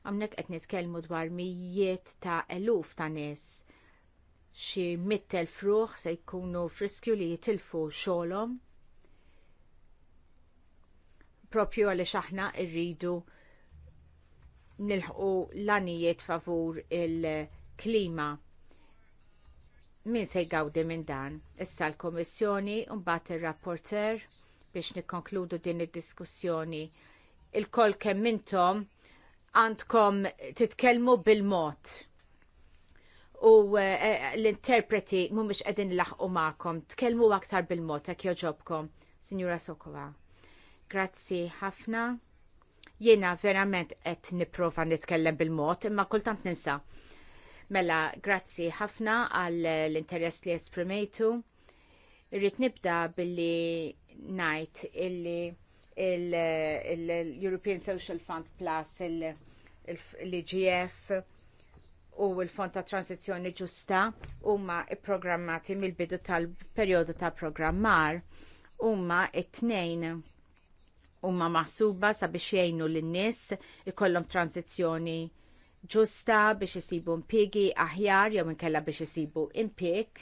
Għamnek qed nitkellmu dwar mijiet ta' eluf ta' nies xi mittel fruħ se jkunu friskju li jitilfu xogħolhom propju għaliex aħna rridu nilħqu l-anijiet favur il-klima min se jgawdi minn dan? Issa l-Komissjoni mbagħad ir-rapporter biex nikkonkludu din id-diskussjoni. Il-koll kemm intom għandkom titkellmu bil-mod. U eh, eh, l-interpreti mhumiex qegħdin laħqu magħkom, tkellmu aktar bil-mod hekk joġobkom, Signora Sokova. Grazzi ħafna. Jiena verament qed nipprova nitkellem bil-mod, imma kultant ninsa. Mela, grazzi ħafna għall l-interess li esprimejtu. Irrid nibda billi najt illi l-European Social Fund Plus, l igf u l-Fond ta' Transizjoni Ġusta huma programmati mill-bidu tal-perjodu ta' programmar huma it-tnejn huma maħsuba sabiex jgħinu lin-nies ikollhom tranzizzjoni ġusta biex jisibu impjiegi aħjar jew inkella biex jisibu impjieg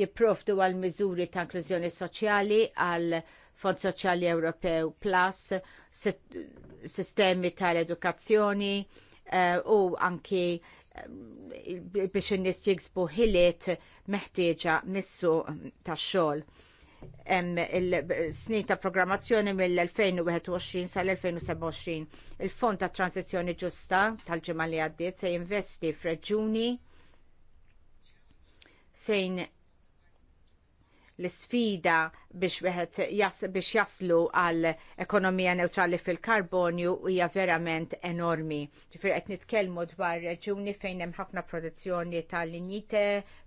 jipprovdu għal miżuri ta' inklużjoni soċjali għal Fond Soċjali Ewropew Plus, sistemi tal-edukazzjoni uh, u anki eh, biex in-nies jiksbu ħiliet meħtieġa mis-suq tax-xogħol hemm il-snin ta' programmazzjoni mill-2021 sal-2027. Il-Fond ta' Transizzjoni Ġusta tal-ġimgħa li għaddiet se jinvesti f'reġuni fejn l isfida biex wieħed jas, biex jaslu għal ekonomija neutrali fil-karbonju hija verament enormi. Ġifier qed nitkellmu dwar reġuni fejn hemm ħafna produzzjoni tal-linjite,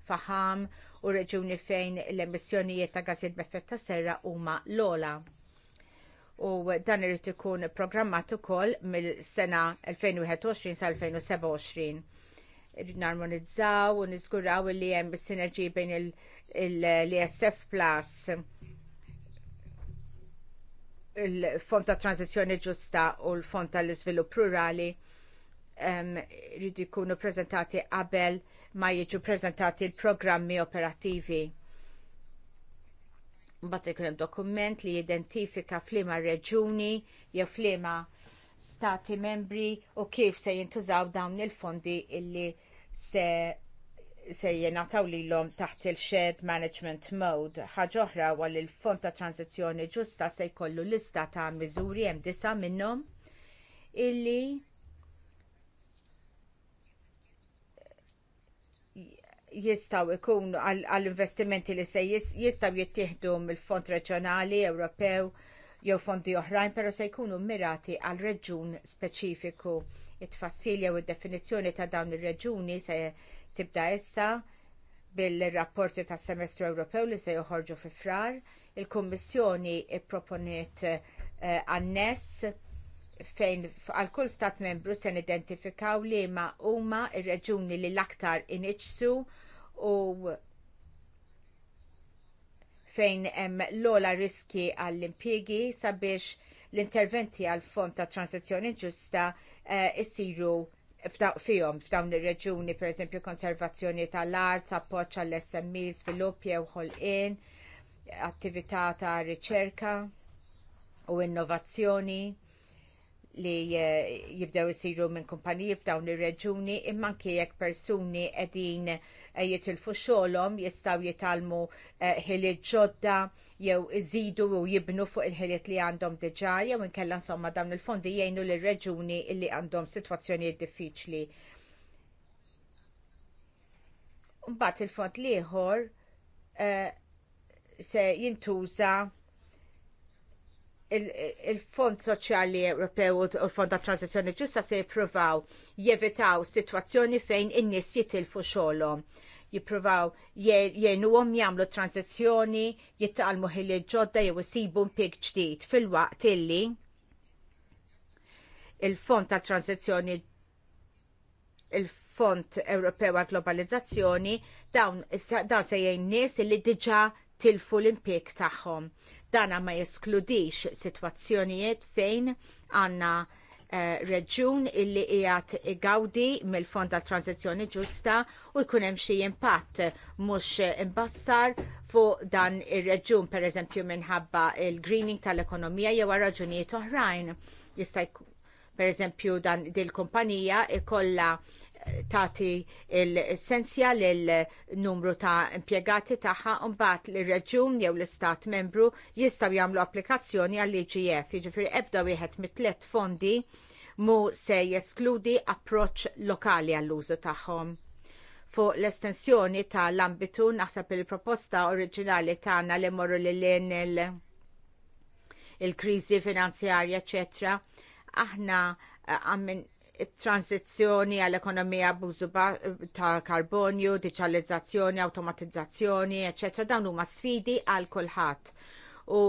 faham u reġuni fejn l-emissjonijiet ta' gażiet b'effett ta' serra huma l-ola. U dan irid ikun programmat ukoll mill-sena 2021 sa' 2027. Narmonizzaw u niżguraw li hemm sinerġi bejn l-ESF Plus il-Fond ta' Transizjoni Ġusta u l-Fond tal-Iżvilupp Rurali rridu jkunu ppreżentati qabel ma jiġu prezentati l-programmi operattivi. Mbagħad ikunem dokument li jidentifika f'liema reġuni jew f'liema stati membri u kif se jintużaw dawn il-fondi illi se se jenataw li l-om taħt il-shared management mode. ħaġoħra għal il-fond ta' transizjoni ġusta se jkollu lista ta' miżuri hemm disa minnhom illi jistaw ikun għall-investimenti li se jistaw jittieħdu mill-fond reġjonali Ewropew jew fondi oħrajn, pero se jkunu mirati għal reġun speċifiku. It-tfassil jew id-definizzjoni ta' dawn ir-reġuni se tibda issa bil-rapporti tas semestru Ewropew li se joħorġu fi frar. Il-Kummissjoni ipproponiet uh, fejn għal kull stat membru se nidentifikaw li ma huma ir-reġuni li l-aktar iniċsu u fejn hemm l-ola riski għall-impjiegi sabiex l-interventi għal fond ta' transizjoni ġusta jisiru eh, fihom f'dawn ir-reġuni, pereżempju konservazzjoni tal-art, appoġġ għall smi svilupp jew ħolqien, attività ta' riċerka u innovazzjoni li eh, jibdew isiru minn kumpaniji f'dawn ir-reġuni imma anke jekk persuni qegħdin eh, jitilfu xogħolhom jistgħu jitalmu eh, ħiliet ġodda jew iżidu u jibnu fuq il-ħiliet li għandhom diġà jew inkella insomma dawn il-fondi jgħinu lir reġuni li għandhom sitwazzjonijiet diffiċli. Mbagħad il-fond l ieħor se jintuża il-Fond Soċjali Ewropew u l-Fond ta' Transizjoni Ġusta se jippruvaw jevitaw sitwazzjoni fejn in-nies jitilfu xogħolhom. Jippruvaw jgħinuhom jagħmlu tranzizzjoni, jittaqalmu ħilli ġodda jew isibu mpik ġdid fil-waqt illi il-Fond ta' Transizzjoni il-Fond Ewropew għal Globalizzazzjoni dawn, se jgħin nies li diġà tilfu l-impjeg tagħhom. Dana ma jeskludix sitwazzjonijiet fejn għandna Uh, eh, reġjun illi jgħat igawdi mill-fond tal transizzjoni ġusta u jkun hemm xi impatt mhux imbassar fuq dan ir-reġjun pereżempju minħabba il-greening tal-ekonomija jew raġunijiet oħrajn. Jista' pereżempju dan dil-kumpanija ikolla tagħti l-essenzja l numru ta' impjegati tagħha u mbagħad l-reġjun jew l-istat membru jistgħu jagħmlu applikazzjoni għall igf e jiġifieri ebda wieħed mit-tliet fondi mu se jeskludi approċċ lokali għall-użu tagħhom. Fuq l-estensjoni ta' l-ambitu naħseb il-proposta oriġinali tagħna li morru lil il-kriżi finanzjarja, eċetera. aħna għammin transizzjoni għall ekonomija bużu ta' karbonju, diċalizzazzjoni, automatizzazzjoni, ecc. Dawn huma sfidi għal kulħadd. U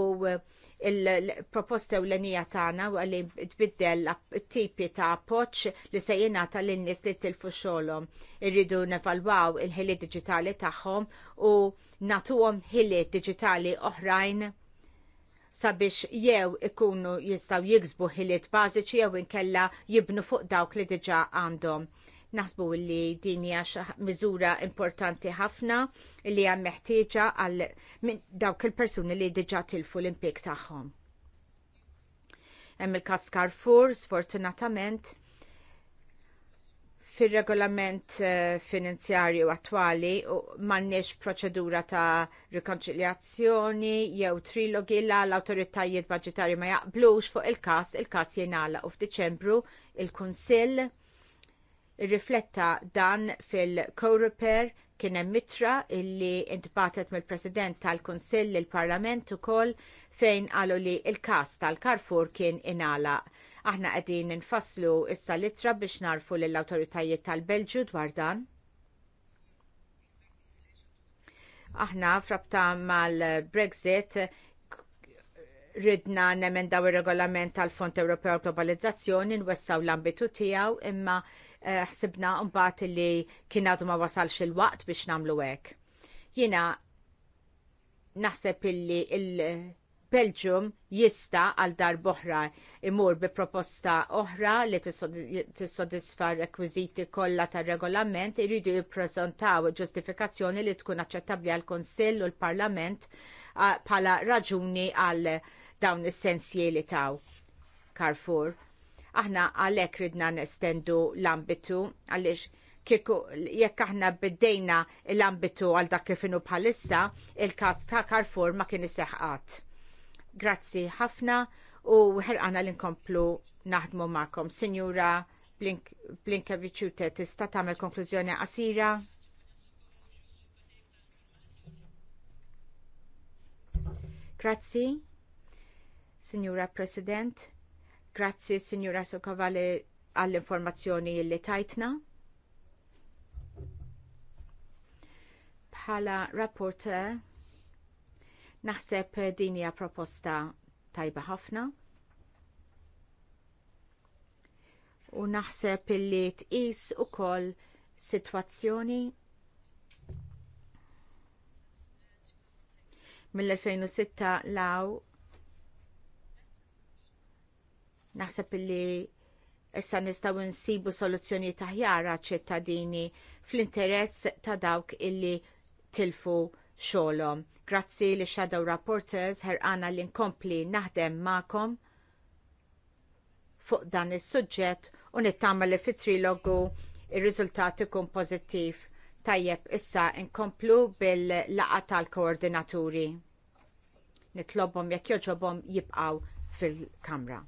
il-proposta u l-enija tagħna li tbiddel tipi ta' appoġġ li se jingħata lin-nies li tilfu xogħolhom. Irridu nevalwaw il-ħiliet diġitali tagħhom u nagħtuhom ħiliet diġitali oħrajn sabiex jew ikunu jistaw jiksbu ħiliet bażiċi jew inkella jibnu fuq dawk li diġà għandhom. Nasbu li din hija miżura importanti ħafna li hija meħtieġa għal dawk il-persuni li diġà tilfu l-impjeg tagħhom. Hemm il kaskar Carrefour, sfortunatament, fil-regolament eh, finanzjarju attwali m'għandniex proċedura ta' rikonċiljazzjoni jew trilogi la l-autoritajiet budgetarji ma jaqblux fuq il-kas, il-kas jenala u f'Diċembru il-Kunsill irrifletta dan fil-co-repair Kien hemm mitra illi intbatet mill-President tal-Kunsill il-Parlament ukoll fejn qalu li l-każ tal-Karfur kien inala. Aħna qegħdin infasslu issa litra biex narfu lill-awtoritajiet tal-Belġu dwar dan. Aħna frabta mal-Brexit ridna nemendaw ir regolament tal-Fond Ewropew Globalizzazzjoni nwessaw l-ambitu tiegħu imma Eh, ħsibna uh, mbagħad li kien għadu ma wasalx il-waqt biex nagħmlu hekk. Jiena naħseb illi il-Belġum jista għal dar boħra imur bi proposta oħra li tissodisfa rekwiziti kollha tar-regolament iridu jippreżentaw ġustifikazzjoni li tkun aċċettabbli għal konsill u l-Parlament bħala raġuni għal dawn is-sensieli taw. Carrefour Aħna għalhekk ridna nestendu l-ambitu għaliex kieku jekk aħna biddejna l-ambitu għal dak kif bħalissa, il-każ ta' Carrefour ma kien iseħqat. Grazzi ħafna u ħerqana li nkomplu naħdmu ma'kom. Sinjura Blink Blinkeviċute tista' tagħmel konklużjoni qasira? Grazzi, Signora President. Grazzi, Signora Socavale, għall-informazzjoni li tajtna. Bħala rapporter, naħseb din hija proposta tajba ħafna. U naħseb illi tqis ukoll sitwazzjoni mill-2006 law Naħseb li issa nistgħu nsibu soluzzjoni taħjara ċittadini fl-interess ta' dawk illi tilfu xogħolhom. Grazzi li Shadow Rapporters ħerqana li nkompli naħdem magħkom fuq dan is-suġġett u nittama li fit trilogu ir-riżultat ikun pożittiv. Tajjeb issa nkomplu bil laqgħa tal-koordinaturi. Nitlobhom jekk joġobhom jibqgħu fil-kamra.